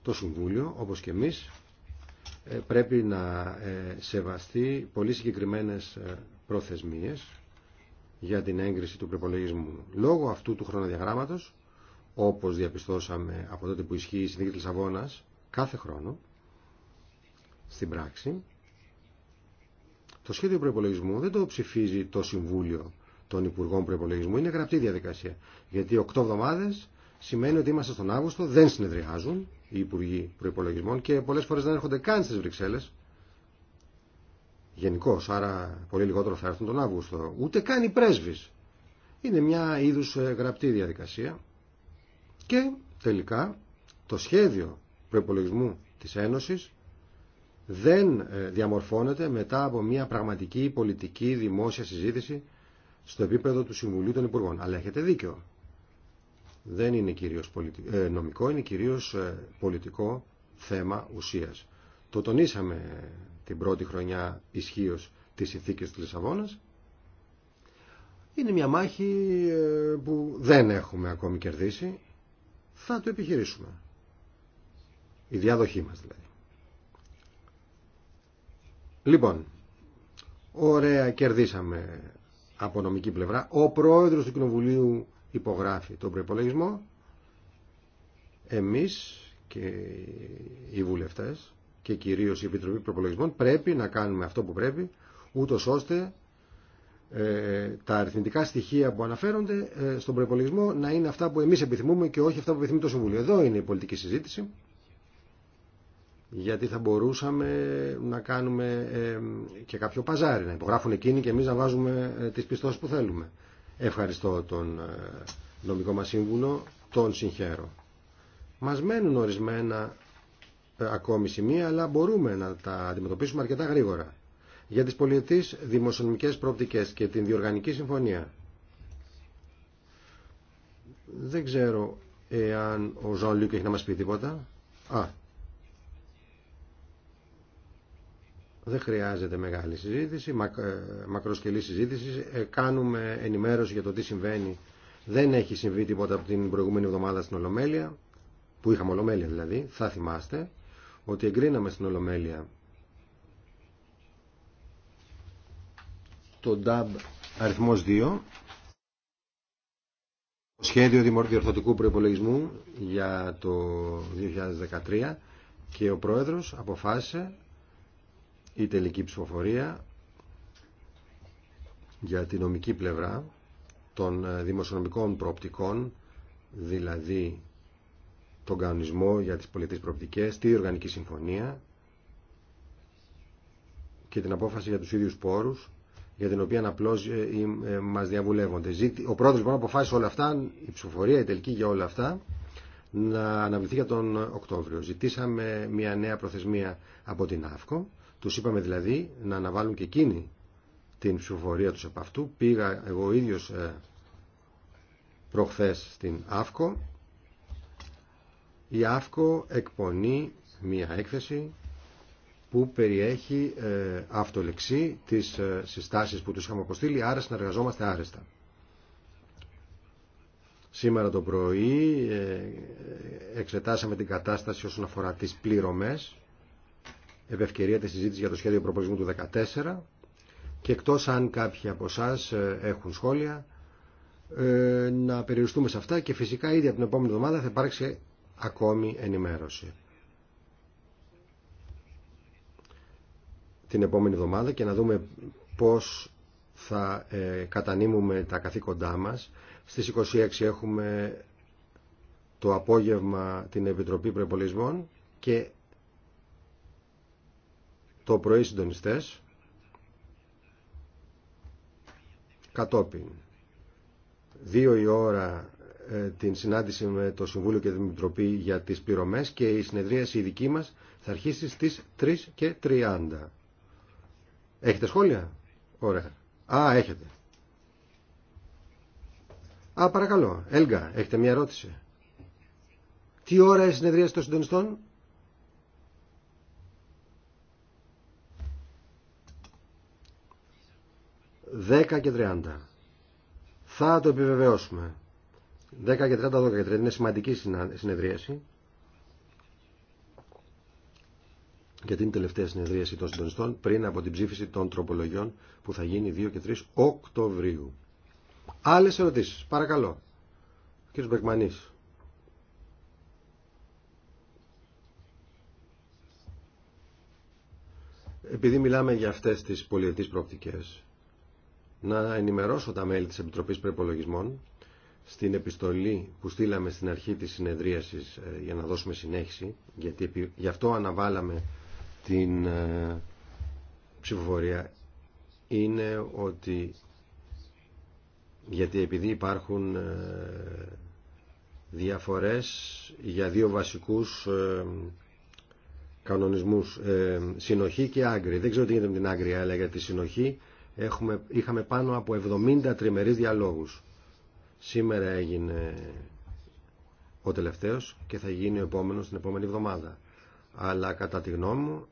το Συμβούλιο, όπως και εμείς, ε, πρέπει να ε, σεβαστεί πολύ συγκεκριμένες ε, προθεσμίες για την έγκριση του προπολογισμού. Λόγω αυτού του χρονοδιαγράμματος, όπως διαπιστώσαμε από τότε που ισχύει η Συνθήκη της Λισαβόνας, κάθε χρόνο, στην πράξη, το σχέδιο προπολογισμού δεν το ψηφίζει το Συμβούλιο των Υπουργών Προπολογισμού. Είναι γραπτή διαδικασία. Γιατί οκτώ εβδομάδε σημαίνει ότι είμαστε στον Αύγουστο, δεν συνεδριάζουν οι Υπουργοί Προπολογισμών και πολλέ φορέ δεν έρχονται καν στι Βρυξέλλε. Γενικώ, άρα πολύ λιγότερο θα έρθουν τον Αύγουστο. Ούτε καν οι πρέσβει. Είναι μια είδου ε, γραπτή διαδικασία. Και τελικά το σχέδιο προπολογισμού της Ένωσης δεν ε, διαμορφώνεται μετά από μια πραγματική πολιτική δημόσια συζήτηση στο επίπεδο του Συμβουλίου των Υπουργών. Αλλά έχετε δίκιο δεν είναι κυρίως ε, νομικό, είναι κυρίως ε, πολιτικό θέμα ουσίας. Το τονίσαμε την πρώτη χρονιά ισχύω της συνθήκης της Λισαβόνας. Είναι μια μάχη ε, που δεν έχουμε ακόμη κερδίσει. Θα το επιχειρήσουμε. Η διάδοχή μας δηλαδή. Λοιπόν, ωραία κερδίσαμε από νομική πλευρά. Ο πρόεδρος του Κοινοβουλίου υπογράφει τον προπολογισμό, εμείς και οι βουλευτές και κυρίως η Επιτροπή Προπολογισμών πρέπει να κάνουμε αυτό που πρέπει, ούτως ώστε ε, τα αριθμητικά στοιχεία που αναφέρονται ε, στον προπολογισμό να είναι αυτά που εμείς επιθυμούμε και όχι αυτά που επιθυμεί το Συμβούλιο. Εδώ είναι η πολιτική συζήτηση γιατί θα μπορούσαμε να κάνουμε ε, και κάποιο παζάρι, να υπογράφουν εκείνοι και εμείς να βάζουμε τις πιστώσεις που θέλουμε. Ευχαριστώ τον ε, νομικό μας σύμβουλο, τον συγχαίρω. Μας μένουν ορισμένα ε, ακόμη σημεία, αλλά μπορούμε να τα αντιμετωπίσουμε αρκετά γρήγορα. Για τις πολιτικές δημοσιονομικές προοπτικές και την διοργανική συμφωνία. Δεν ξέρω εάν ο Ζαν έχει να μας πει τίποτα. Α, Δεν χρειάζεται μεγάλη συζήτηση, ε, μακροσκελή συζήτηση. Ε, κάνουμε ενημέρωση για το τι συμβαίνει. Δεν έχει συμβεί τίποτα από την προηγούμενη εβδομάδα στην Ολομέλεια, που είχαμε Ολομέλεια δηλαδή, θα θυμάστε, ότι εγκρίναμε στην Ολομέλεια το DAB αριθμός 2, σχέδιο διορθωτικού προϋπολογισμού για το 2013 και ο Πρόεδρος αποφάσισε η τελική ψηφοφορία για την νομική πλευρά των ε, δημοσιονομικών προοπτικών, δηλαδή τον κανονισμό για τις πολιτικές προοπτικές, τη Οργανική Συμφωνία και την απόφαση για τους ίδιους πόρους, για την οποία απλώ ε, ε, μας διαβουλεύονται. Ο πρόεδρος μπορεί να λοιπόν αποφάσει όλα αυτά, η ψηφοφορία, η τελική για όλα αυτά, να αναβληθεί για τον Οκτώβριο. Ζητήσαμε μια νέα προθεσμία από την ΑΦΚΟ του είπαμε δηλαδή να αναβάλουν και εκείνοι την ψηφοφορία τους από αυτού. Πήγα εγώ ίδιος ε, προχθές στην ΑΦΚΟ. Η ΑΦΚΟ εκπονεί μία έκθεση που περιέχει ε, αυτολεξή τις ε, συστάσεις που τους είχαμε αποστείλει, να εργαζόμαστε άρεστα. Σήμερα το πρωί ε, εξετάσαμε την κατάσταση όσον αφορά τις πληρωμές ευευκαιρία τη συζήτηση για το σχέδιο προπολογισμού του 2014 και εκτός αν κάποιοι από εσά ε, έχουν σχόλια ε, να περιοριστούμε σε αυτά και φυσικά ήδη από την επόμενη εβδομάδα θα υπάρξει ακόμη ενημέρωση. Την επόμενη εβδομάδα και να δούμε πώς θα ε, κατανείμουμε τα καθήκοντά μας. Στις 26 έχουμε το απόγευμα την Επιτροπή Προπολισμών και το πρωί συντονιστές κατόπιν δύο η ώρα ε, την συνάντηση με το Συμβούλιο και την Επιτροπή για τις πληρωμές και η συνεδρίαση η δική μας θα αρχίσει στις 3 και 30. Έχετε σχόλια? Ωραία. Α, έχετε. Α, παρακαλώ. Έλγα, έχετε μια ερώτηση. Τι ώρα η συνεδρίαση των συντονιστών? 10 και 30. Θα το επιβεβαιώσουμε. 10 και 30, 12 και 30 είναι σημαντική συνεδρίαση. Γιατί είναι τελευταία συνεδρίαση των συντονιστών πριν από την ψήφιση των τροπολογιών που θα γίνει 2 και 3 Οκτωβρίου. Άλλε ερωτήσει, παρακαλώ. Κύριο Μπεκμανή. Επειδή μιλάμε για αυτές τις πολιτικές προοπτικές, να ενημερώσω τα μέλη της Επιτροπής Προπολογισμών στην επιστολή που στείλαμε στην αρχή της συνεδρίασης ε, για να δώσουμε συνέχιση, γιατί γι' αυτό αναβάλαμε την ε, ψηφοφορία, είναι ότι γιατί επειδή υπάρχουν ε, διαφορές για δύο βασικούς κανονισμούς, συνοχή και άγκρη. Δεν ξέρω τι γίνεται με την άγκρη, αλλά για τη συνοχή Έχουμε, είχαμε πάνω από 70 τριμερείς διαλόγους. Σήμερα έγινε ο τελευταίος και θα γίνει ο επόμενος την επόμενη εβδομάδα. Αλλά κατά τη γνώμη μου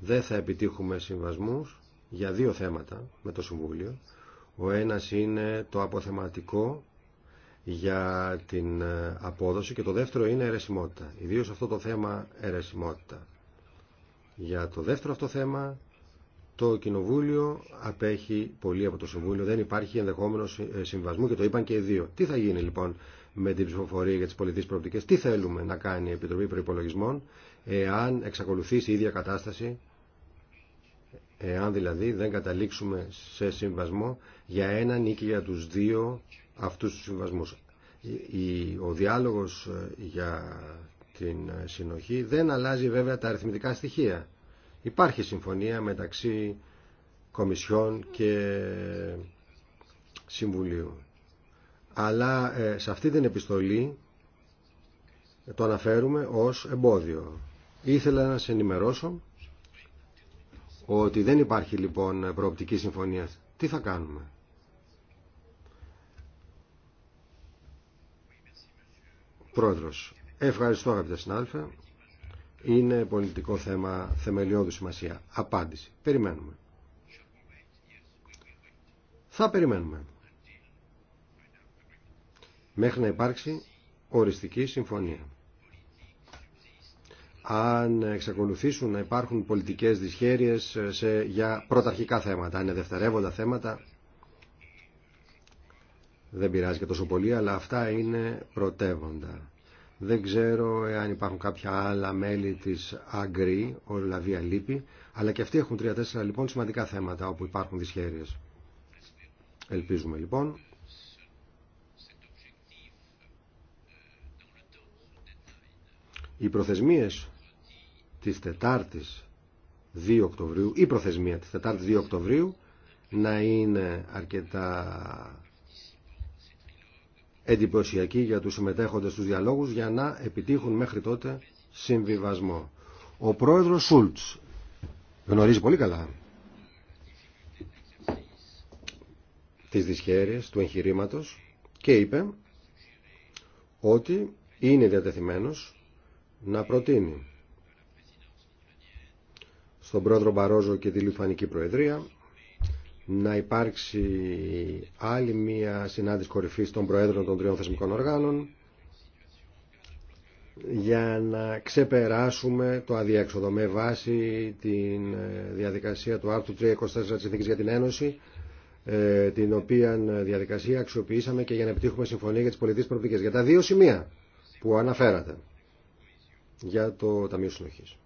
δεν θα επιτύχουμε συμβασμούς για δύο θέματα με το Συμβούλιο. Ο ένας είναι το αποθεματικό για την ε, απόδοση και το δεύτερο είναι αιρεσιμότητα. Ιδίως αυτό το θέμα αιρεσιμότητα. Για το δεύτερο αυτό θέμα το Κοινοβούλιο απέχει πολύ από το Συμβούλιο, δεν υπάρχει ενδεχόμενο ε, συμβασμού και το είπαν και οι δύο. Τι θα γίνει λοιπόν με την ψηφοφορία για τι πολιτικέ προοπτικέ, τι θέλουμε να κάνει η Επιτροπή Προπολογισμών, εάν εξακολουθήσει η ίδια κατάσταση, εάν δηλαδή δεν καταλήξουμε σε συμβασμό για έναν ή και για του δύο αυτού του συμβασμού. Ο διάλογο ε, για την ε, συνοχή δεν αλλάζει βέβαια τα αριθμητικά στοιχεία Υπάρχει συμφωνία μεταξύ Κομισιόν και Συμβουλίου. Αλλά ε, σε αυτή την επιστολή το αναφέρουμε ως εμπόδιο. Ήθελα να σε ενημερώσω ότι δεν υπάρχει λοιπόν προοπτική συμφωνία. Τι θα κάνουμε. Πρόεδρος, ευχαριστώ αγαπητέ συνάδελφε είναι πολιτικό θέμα θεμελιώδη σημασία. Απάντηση. Περιμένουμε. Θα περιμένουμε. Μέχρι να υπάρξει οριστική συμφωνία. Αν εξακολουθήσουν να υπάρχουν πολιτικές δυσχέρειες σε, για πρωταρχικά θέματα, αν είναι δευτερεύοντα θέματα, δεν πειράζει και τόσο πολύ, αλλά αυτά είναι πρωτεύοντα. Δεν ξέρω εάν υπάρχουν κάποια άλλα μέλη της Αγκρή, ο Λαβία Λύπη, αλλά και αυτοί έχουν τρία-τέσσερα λοιπόν σημαντικά θέματα όπου υπάρχουν δυσχέρειες. Ελπίζουμε λοιπόν οι προθεσμίες της Τετάρτης 2 Οκτωβρίου, η προθεσμία της 2 Οκτωβρίου να είναι αρκετά εντυπωσιακή για τους συμμετέχοντες στους διαλόγους για να επιτύχουν μέχρι τότε συμβιβασμό. Ο πρόεδρος Σούλτς γνωρίζει πολύ καλά τις δυσχέρειες του εγχειρήματο και είπε ότι είναι διατεθειμένος να προτείνει στον πρόεδρο Μπαρόζο και τη Λιθουανική Προεδρία να υπάρξει άλλη μία συνάντηση κορυφής των Προέδρων των Τριών Θεσμικών Οργάνων για να ξεπεράσουμε το αδιέξοδο με βάση τη ε, διαδικασία του άρθρου 324 της Συνθήκης για την Ένωση ε, την οποία ε, διαδικασία αξιοποιήσαμε και για να επιτύχουμε συμφωνία για τις πολιτικές προοπτικές. Για τα δύο σημεία που αναφέρατε για το Ταμείο Συνοχής.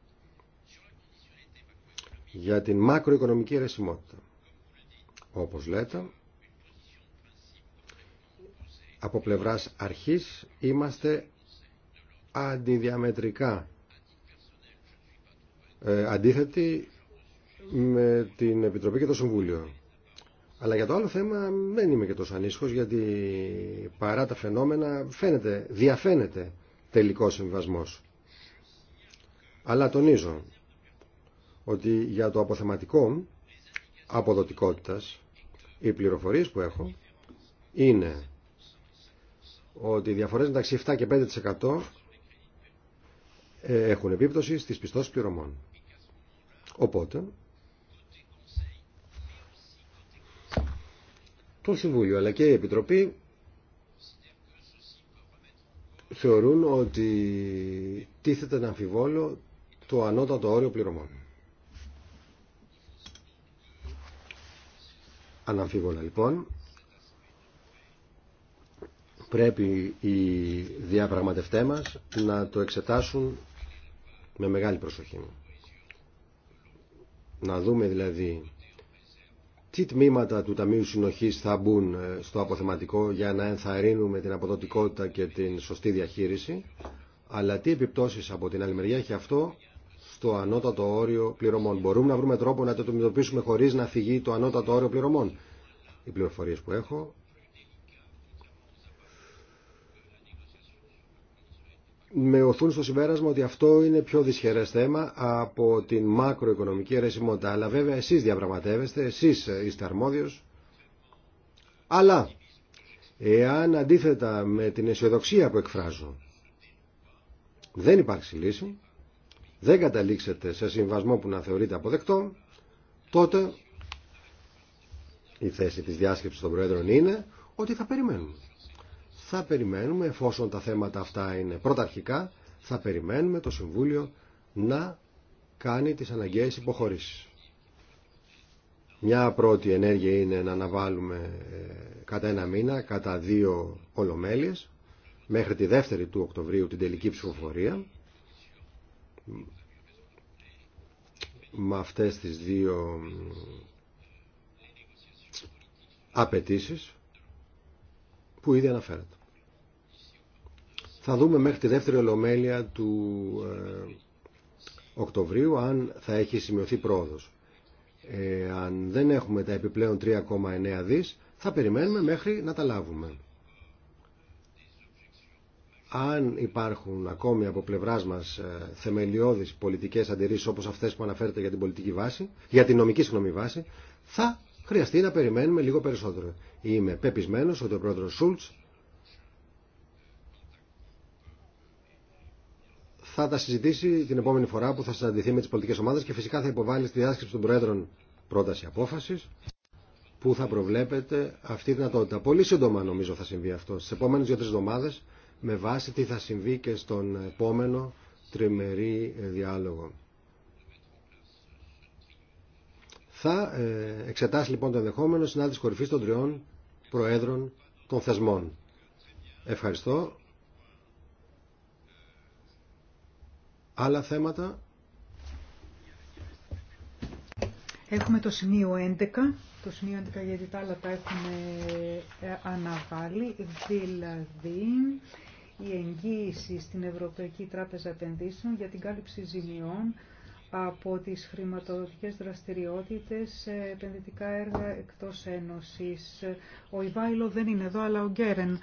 Για την μακροοικονομική αιρεσιμότητα. Όπως λέτε, από πλευράς αρχής είμαστε αντιδιαμετρικά ε, αντίθετοι με την Επιτροπή και το Συμβούλιο. Αλλά για το άλλο θέμα δεν είμαι και τόσο ανήσυχος γιατί παρά τα φαινόμενα φαίνεται, διαφαίνεται τελικό συμβασμός. Αλλά τονίζω ότι για το αποθεματικό αποδοτικότητας, οι πληροφορίες που έχω είναι ότι οι διαφορές μεταξύ 7 και 5% ε, έχουν επίπτωση στις πιστώσεις πληρωμών. Οπότε, το Συμβούλιο αλλά και η Επιτροπή θεωρούν ότι τίθεται να αμφιβόλω το ανώτατο όριο πληρωμών. Αναμφίβολα λοιπόν πρέπει οι διαπραγματευτές μας να το εξετάσουν με μεγάλη προσοχή. Να δούμε δηλαδή τι τμήματα του Ταμείου Συνοχής θα μπουν ε, στο αποθεματικό για να ενθαρρύνουμε την αποδοτικότητα και την σωστή διαχείριση, αλλά τι επιπτώσεις από την άλλη μεριά έχει αυτό το ανώτατο όριο πληρωμών. Μπορούμε να βρούμε τρόπο να το αντιμετωπίσουμε χωρί να φυγεί το ανώτατο όριο πληρωμών. Οι πληροφορίε που έχω. Με οθούν στο συμπέρασμα ότι αυτό είναι πιο δυσχερέ θέμα από την μακροοικονομική αιρεσιμότητα. Αλλά βέβαια εσεί διαπραγματεύεστε, εσεί είστε αρμόδιο. Αλλά εάν αντίθετα με την αισιοδοξία που εκφράζω δεν υπάρξει λύση, δεν καταλήξετε σε συμβασμό που να θεωρείται αποδεκτό, τότε η θέση της διάσκεψης των Προέδρων είναι ότι θα περιμένουμε. Θα περιμένουμε, εφόσον τα θέματα αυτά είναι πρωταρχικά, θα περιμένουμε το Συμβούλιο να κάνει τις αναγκαίες υποχωρήσεις. Μια πρώτη ενέργεια είναι να αναβάλουμε ε, κατά ένα μήνα, κατά δύο ολομέλειες, μέχρι τη δεύτερη του Οκτωβρίου την τελική ψηφοφορία με αυτές τις δύο απαιτήσει που ήδη αναφέρατε. Θα δούμε μέχρι τη δεύτερη ολομέλεια του ε, Οκτωβρίου αν θα έχει σημειωθεί πρόοδος. Ε, αν δεν έχουμε τα επιπλέον 3,9 δις θα περιμένουμε μέχρι να τα λάβουμε αν υπάρχουν ακόμη από πλευρά μα ε, θεμελιώδει πολιτικέ αντιρρήσει όπω αυτέ που αναφέρετε για την πολιτική βάση, για την νομική συγγνώμη βάση, θα χρειαστεί να περιμένουμε λίγο περισσότερο. Είμαι πεπισμένο ότι ο πρόεδρο Σούλτ θα τα συζητήσει την επόμενη φορά που θα συναντηθεί με τι πολιτικέ ομάδε και φυσικά θα υποβάλει στη διάσκεψη των Προέδρων πρόταση απόφαση που θα προβλέπεται αυτή η δυνατότητα. Πολύ σύντομα νομίζω θα συμβεί αυτό. Στι επόμενε δύο-τρει εβδομάδε με βάση τι θα συμβεί και στον επόμενο τριμερή διάλογο. Θα ε, εξετάσει λοιπόν το ενδεχόμενο συνάντηση κορυφή των τριών προέδρων των θεσμών. Ευχαριστώ. Άλλα θέματα. Έχουμε το σημείο 11, το σημείο 11 γιατί τα άλλα τα έχουμε ε, αναβάλει, δηλαδή η εγγύηση στην Ευρωπαϊκή Τράπεζα Επενδύσεων για την κάλυψη ζημιών από τις χρηματοδοτικές δραστηριότητες σε επενδυτικά έργα εκτός Ένωσης. Ο Ιβάιλο δεν είναι εδώ, αλλά ο Γκέρεν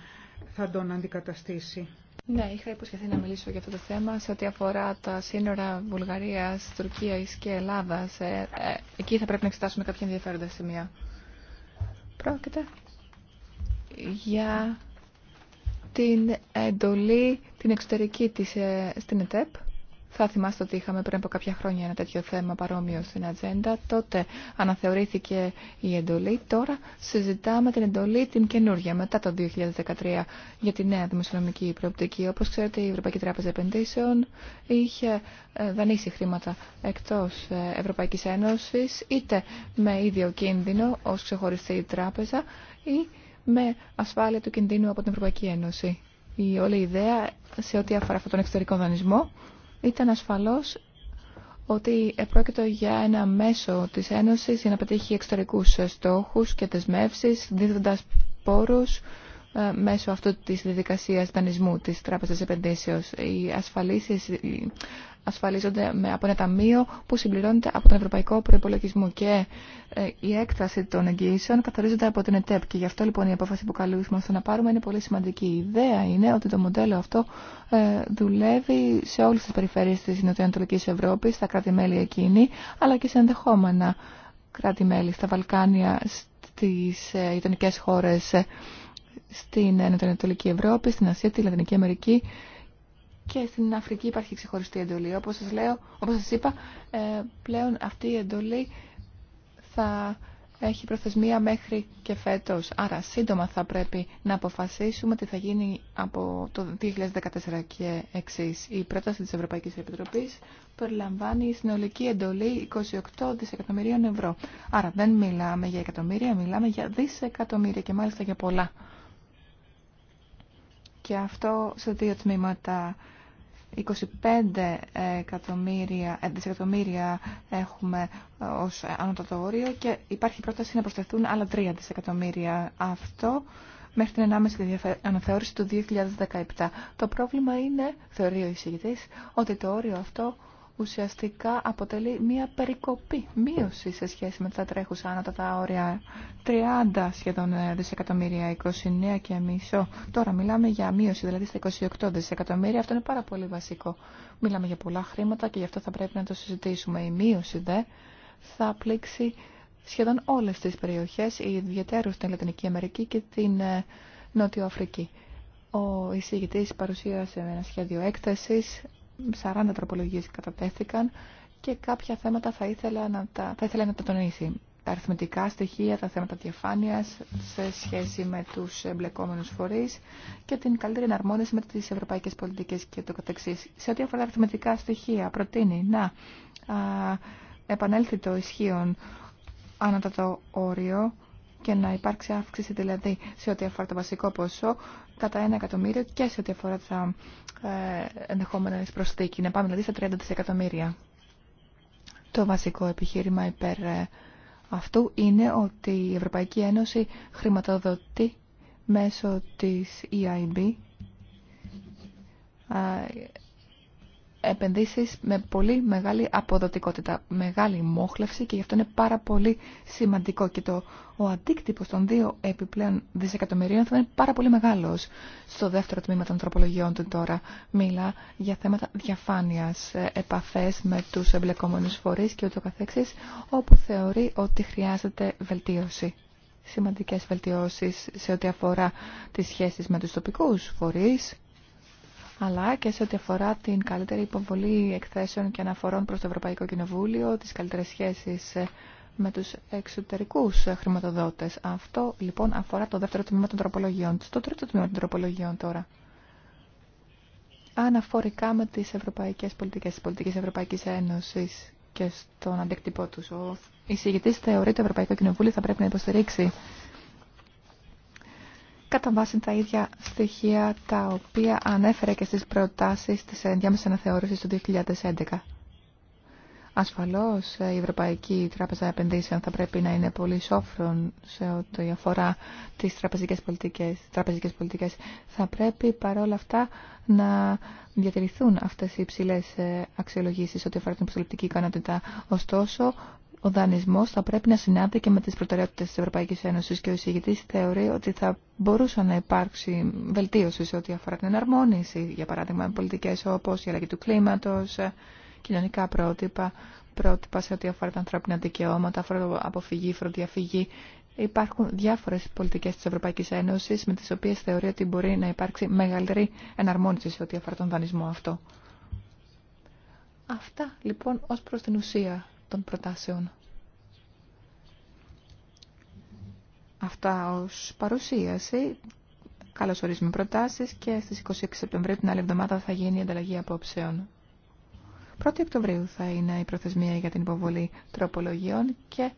θα τον αντικαταστήσει. Ναι, είχα υποσχεθεί να μιλήσω για αυτό το θέμα σε ό,τι αφορά τα σύνορα Βουλγαρίας, Τουρκίας και Ελλάδας. Ε, ε, εκεί θα πρέπει να εξετάσουμε κάποια ενδιαφέροντα σημεία. Πρόκειται για την εντολή την εξωτερική της ε, στην ΕΤΕΠ. Θα θυμάστε ότι είχαμε πριν από κάποια χρόνια ένα τέτοιο θέμα παρόμοιο στην ατζέντα. Τότε αναθεωρήθηκε η εντολή. Τώρα συζητάμε την εντολή την καινούργια μετά το 2013 για τη νέα δημοσιονομική προοπτική. Όπως ξέρετε η Ευρωπαϊκή Τράπεζα Επενδύσεων είχε ε, δανείσει χρήματα εκτός ε, Ευρωπαϊκής Ένωσης είτε με ίδιο κίνδυνο ως ξεχωριστή τράπεζα ή με ασφάλεια του κινδύνου από την Ευρωπαϊκή Ένωση. Η όλη ιδέα σε ό,τι αφορά αυτόν τον εξωτερικό δανεισμό ήταν ασφαλώς ότι επρόκειτο για ένα μέσο της Ένωσης για να πετύχει εξωτερικούς στόχους και δεσμεύσεις, δίδοντας πόρους ε, μέσω αυτού της διαδικασίας δανεισμού της Τράπεζας Επενδύσεως. Οι ασφαλίσεις ασφαλίζονται με, από ένα ταμείο που συμπληρώνεται από τον Ευρωπαϊκό Προπολογισμό και ε, η έκταση των εγγύσεων καθορίζονται από την ΕΤΕΠ. Και γι' αυτό λοιπόν η απόφαση που αυτό να πάρουμε είναι πολύ σημαντική. Η ιδέα είναι ότι το μοντέλο αυτό ε, δουλεύει σε όλε τι περιφέρειε τη Νοτιοανατολική Ευρώπη, στα κράτη-μέλη εκείνη, αλλά και σε ενδεχόμενα κράτη-μέλη, στα Βαλκάνια, στι ε, γειτονικέ χώρε, στην Νοτιοανατολική Ευρώπη, στην Ασία, τη Λατινική Αμερική και στην Αφρική υπάρχει ξεχωριστή εντολή. Όπως σας, λέω, όπως σας είπα, ε, πλέον αυτή η εντολή θα έχει προθεσμία μέχρι και φέτος. Άρα σύντομα θα πρέπει να αποφασίσουμε τι θα γίνει από το 2014 και εξή. Η πρόταση της Ευρωπαϊκής Επιτροπής περιλαμβάνει συνολική εντολή 28 δισεκατομμυρίων ευρώ. Άρα δεν μιλάμε για εκατομμύρια, μιλάμε για δισεκατομμύρια και μάλιστα για πολλά. Και αυτό σε δύο τμήματα 25 εκατομμύρια, ε, δισεκατομμύρια έχουμε ε, ως ανώτατο όριο και υπάρχει πρόταση να προσθεθούν άλλα 3 δισεκατομμύρια. Αυτό μέχρι την 1,5 αναθεώρηση του 2017. Το πρόβλημα είναι, θεωρεί ο εισηγητής, ότι το όριο αυτό ουσιαστικά αποτελεί μία περικοπή, μείωση σε σχέση με τα τρέχουσα άνωτα τα όρια 30 σχεδόν ε, δισεκατομμύρια, 29 και μισό. Τώρα μιλάμε για μείωση δηλαδή στα 28 δισεκατομμύρια, αυτό είναι πάρα πολύ βασικό. Μιλάμε για πολλά χρήματα και γι' αυτό θα πρέπει να το συζητήσουμε. Η μείωση δε θα πλήξει σχεδόν όλες τις περιοχές, ιδιαίτερως στην Λατινική Αμερική και την ε, Νότιο Αφρική. Ο εισηγητής παρουσίασε ένα σχέδιο έκθεσης 40 τροπολογίε κατατέθηκαν και κάποια θέματα θα ήθελα να τα, θα ήθελα να τα τονίσει. Τα αριθμητικά στοιχεία, τα θέματα διαφάνεια σε σχέση με του εμπλεκόμενου φορεί και την καλύτερη εναρμόνιση με τι ευρωπαϊκέ πολιτικέ και το καθεξής. Σε ό,τι αφορά τα αριθμητικά στοιχεία, προτείνει να επανέλθει το ισχύον άνατατο όριο και να υπάρξει αύξηση δηλαδή σε ό,τι αφορά το βασικό ποσό κατά ένα εκατομμύριο και σε ό,τι αφορά τα ε, ενδεχόμενα προσθήκη. Να πάμε δηλαδή στα 30 δισεκατομμύρια. Το βασικό επιχείρημα υπέρ ε, αυτού είναι ότι η Ευρωπαϊκή Ένωση χρηματοδοτεί μέσω της EIB ε, επενδύσεις με πολύ μεγάλη αποδοτικότητα, μεγάλη μόχλευση και γι' αυτό είναι πάρα πολύ σημαντικό και το, ο αντίκτυπος των δύο επιπλέον δισεκατομμυρίων θα είναι πάρα πολύ μεγάλος. Στο δεύτερο τμήμα των τροπολογιών του τώρα μιλά για θέματα διαφάνειας, ε, επαφές με τους εμπλεκόμενους φορείς και ούτω καθεξής, όπου θεωρεί ότι χρειάζεται βελτίωση σημαντικές βελτιώσεις σε ό,τι αφορά τις σχέσεις με τους τοπικούς φορείς, αλλά και σε ό,τι αφορά την καλύτερη υποβολή εκθέσεων και αναφορών προς το Ευρωπαϊκό Κοινοβούλιο, τις καλύτερες σχέσεις με τους εξωτερικούς χρηματοδότες. Αυτό λοιπόν αφορά το δεύτερο τμήμα των τροπολογιών. το τρίτο τμήμα των τροπολογιών τώρα. Αναφορικά με τις ευρωπαϊκές πολιτικές, τις πολιτικές Ευρωπαϊκής Ένωσης και στον αντίκτυπό τους. Ο εισηγητής θεωρεί το Ευρωπαϊκό Κοινοβούλιο θα πρέπει να υποστηρίξει κατά βάση τα ίδια στοιχεία τα οποία ανέφερε και στις προτάσεις της ενδιάμεσης αναθεώρησης του 2011. Ασφαλώς ε, η Ευρωπαϊκή Τράπεζα Επενδύσεων θα πρέπει να είναι πολύ σόφρον σε ό,τι αφορά τις τραπεζικές πολιτικές. τραπεζικές πολιτικές. Θα πρέπει παρόλα αυτά να διατηρηθούν αυτές οι υψηλές ε, αξιολογήσεις ό,τι αφορά την υποστοληπτική ικανότητα. Ωστόσο, ο δανεισμό θα πρέπει να συνάδει και με τι προτεραιότητε τη Ευρωπαϊκή Ένωση και ο εισηγητή θεωρεί ότι θα μπορούσε να υπάρξει βελτίωση σε ό,τι αφορά την εναρμόνιση, για παράδειγμα πολιτικέ όπω η αλλαγή του κλίματο, κοινωνικά πρότυπα, πρότυπα σε ό,τι αφορά τα ανθρώπινα δικαιώματα, αποφυγή, φροντιαφυγή. Υπάρχουν διάφορε πολιτικέ τη Ευρωπαϊκή Ένωση, με τι οποίε θεωρεί ότι μπορεί να υπάρξει μεγαλύτερη εναρμόνιση σε ό,τι αφορά τον δανεισμό αυτό. Αυτά λοιπόν ως προς την ουσία των προτάσεων. Αυτά ως παρουσίαση. Καλώς ορίζουμε προτάσεις και στις 26 Σεπτεμβρίου την άλλη εβδομάδα θα γίνει η ανταλλαγή απόψεων. 1η Οκτωβρίου θα είναι προθεσμία για την υποβολή τροπολογιών και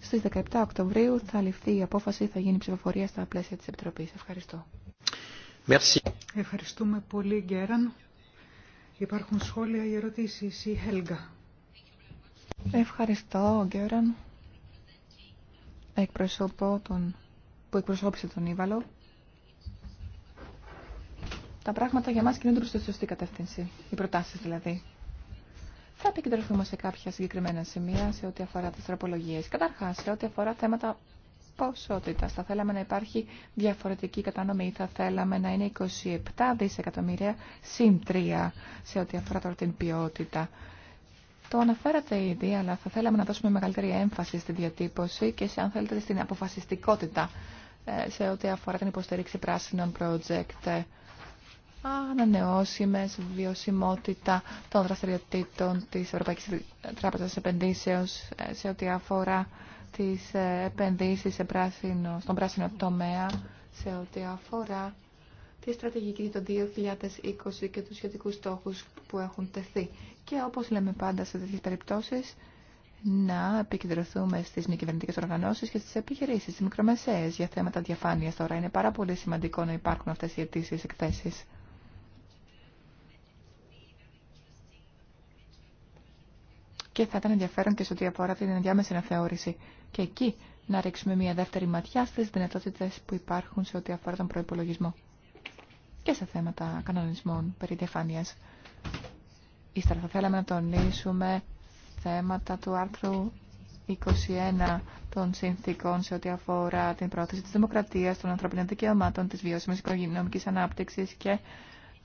στις 17 Οκτωβρίου θα ληφθεί η απόφαση, θα γίνει ψηφοφορία στα πλαίσια της Επιτροπής. Ευχαριστώ. Merci. Ευχαριστούμε πολύ, Γκέραν. Υπάρχουν σχόλια ή ερωτήσεις ή Χέλγα. Ευχαριστώ, Γκέραν. Εκπροσωπώ τον... που εκπροσώπησε τον Ήβαλο. Τα πράγματα για μας κινούνται προς τη σωστή κατεύθυνση, οι προτάσεις δηλαδή. Θα επικεντρωθούμε σε κάποια συγκεκριμένα σημεία σε ό,τι αφορά τις τροπολογίες. Καταρχάς, σε ό,τι αφορά θέματα ποσότητας. Θα θέλαμε να υπάρχει διαφορετική κατανομή. Θα θέλαμε να είναι 27 δισεκατομμύρια συν 3 σε ό,τι αφορά τώρα την ποιότητα. Το αναφέρατε ήδη, αλλά θα θέλαμε να δώσουμε μεγαλύτερη έμφαση στη διατύπωση και σε, αν θέλετε στην αποφασιστικότητα ε, σε ό,τι αφορά την υποστήριξη πράσινων project, ε, ανανεώσιμες, βιωσιμότητα των δραστηριοτήτων της Ευρωπαϊκής Τράπεζας Επενδύσεως ε, σε ό,τι αφορά τις επενδύσεις σε πράσινο, στον πράσινο τομέα, σε ό,τι αφορά τη στρατηγική το 2020 και τους σχετικούς στόχους που έχουν τεθεί. Και όπως λέμε πάντα σε τέτοιες περιπτώσεις, να επικεντρωθούμε στις μη κυβερνητικέ οργανώσεις και στις επιχειρήσεις, στις μικρομεσαίες για θέματα διαφάνειας τώρα. Είναι πάρα πολύ σημαντικό να υπάρχουν αυτές οι αιτήσεις εκθέσεις. Και θα ήταν ενδιαφέρον και σε ό,τι αφορά την ενδιάμεση αναθεώρηση. Και εκεί να ρίξουμε μια δεύτερη ματιά στις δυνατότητες που υπάρχουν σε ό,τι αφορά τον προϋπολογισμό και σε θέματα κανονισμών περί διαφάνειας. Ύστερα θα θέλαμε να τονίσουμε θέματα του άρθρου 21 των συνθήκων σε ό,τι αφορά την πρόθεση της δημοκρατίας, των ανθρωπινών δικαιωμάτων, της βιώσιμης οικογενειακής ανάπτυξης και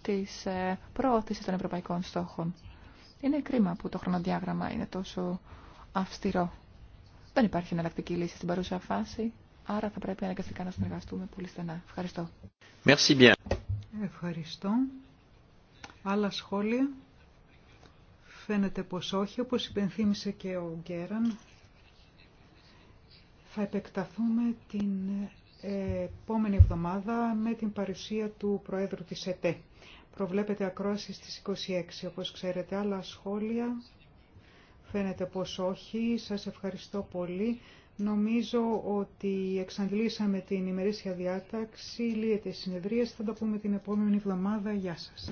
της ε, προώθησης των ευρωπαϊκών στόχων. Είναι κρίμα που το χρονοδιάγραμμα είναι τόσο αυστηρό. Δεν υπάρχει εναλλακτική λύση στην παρούσα φάση, άρα θα πρέπει αναγκαστικά να συνεργαστούμε πολύ στενά. Ευχαριστώ. Merci bien. Ευχαριστώ. Άλλα σχόλια. Φαίνεται πως όχι, όπως υπενθύμησε και ο Γκέραν. Θα επεκταθούμε την επόμενη εβδομάδα με την παρουσία του Προέδρου της ΕΤΕ. Προβλέπεται ακρόαση στις 26, όπως ξέρετε. Άλλα σχόλια. Φαίνεται πως όχι. Σας ευχαριστώ πολύ. Νομίζω ότι εξαντλήσαμε την ημερήσια διάταξη, λύεται η συνεδρία, θα τα πούμε την επόμενη εβδομάδα. Γεια σας.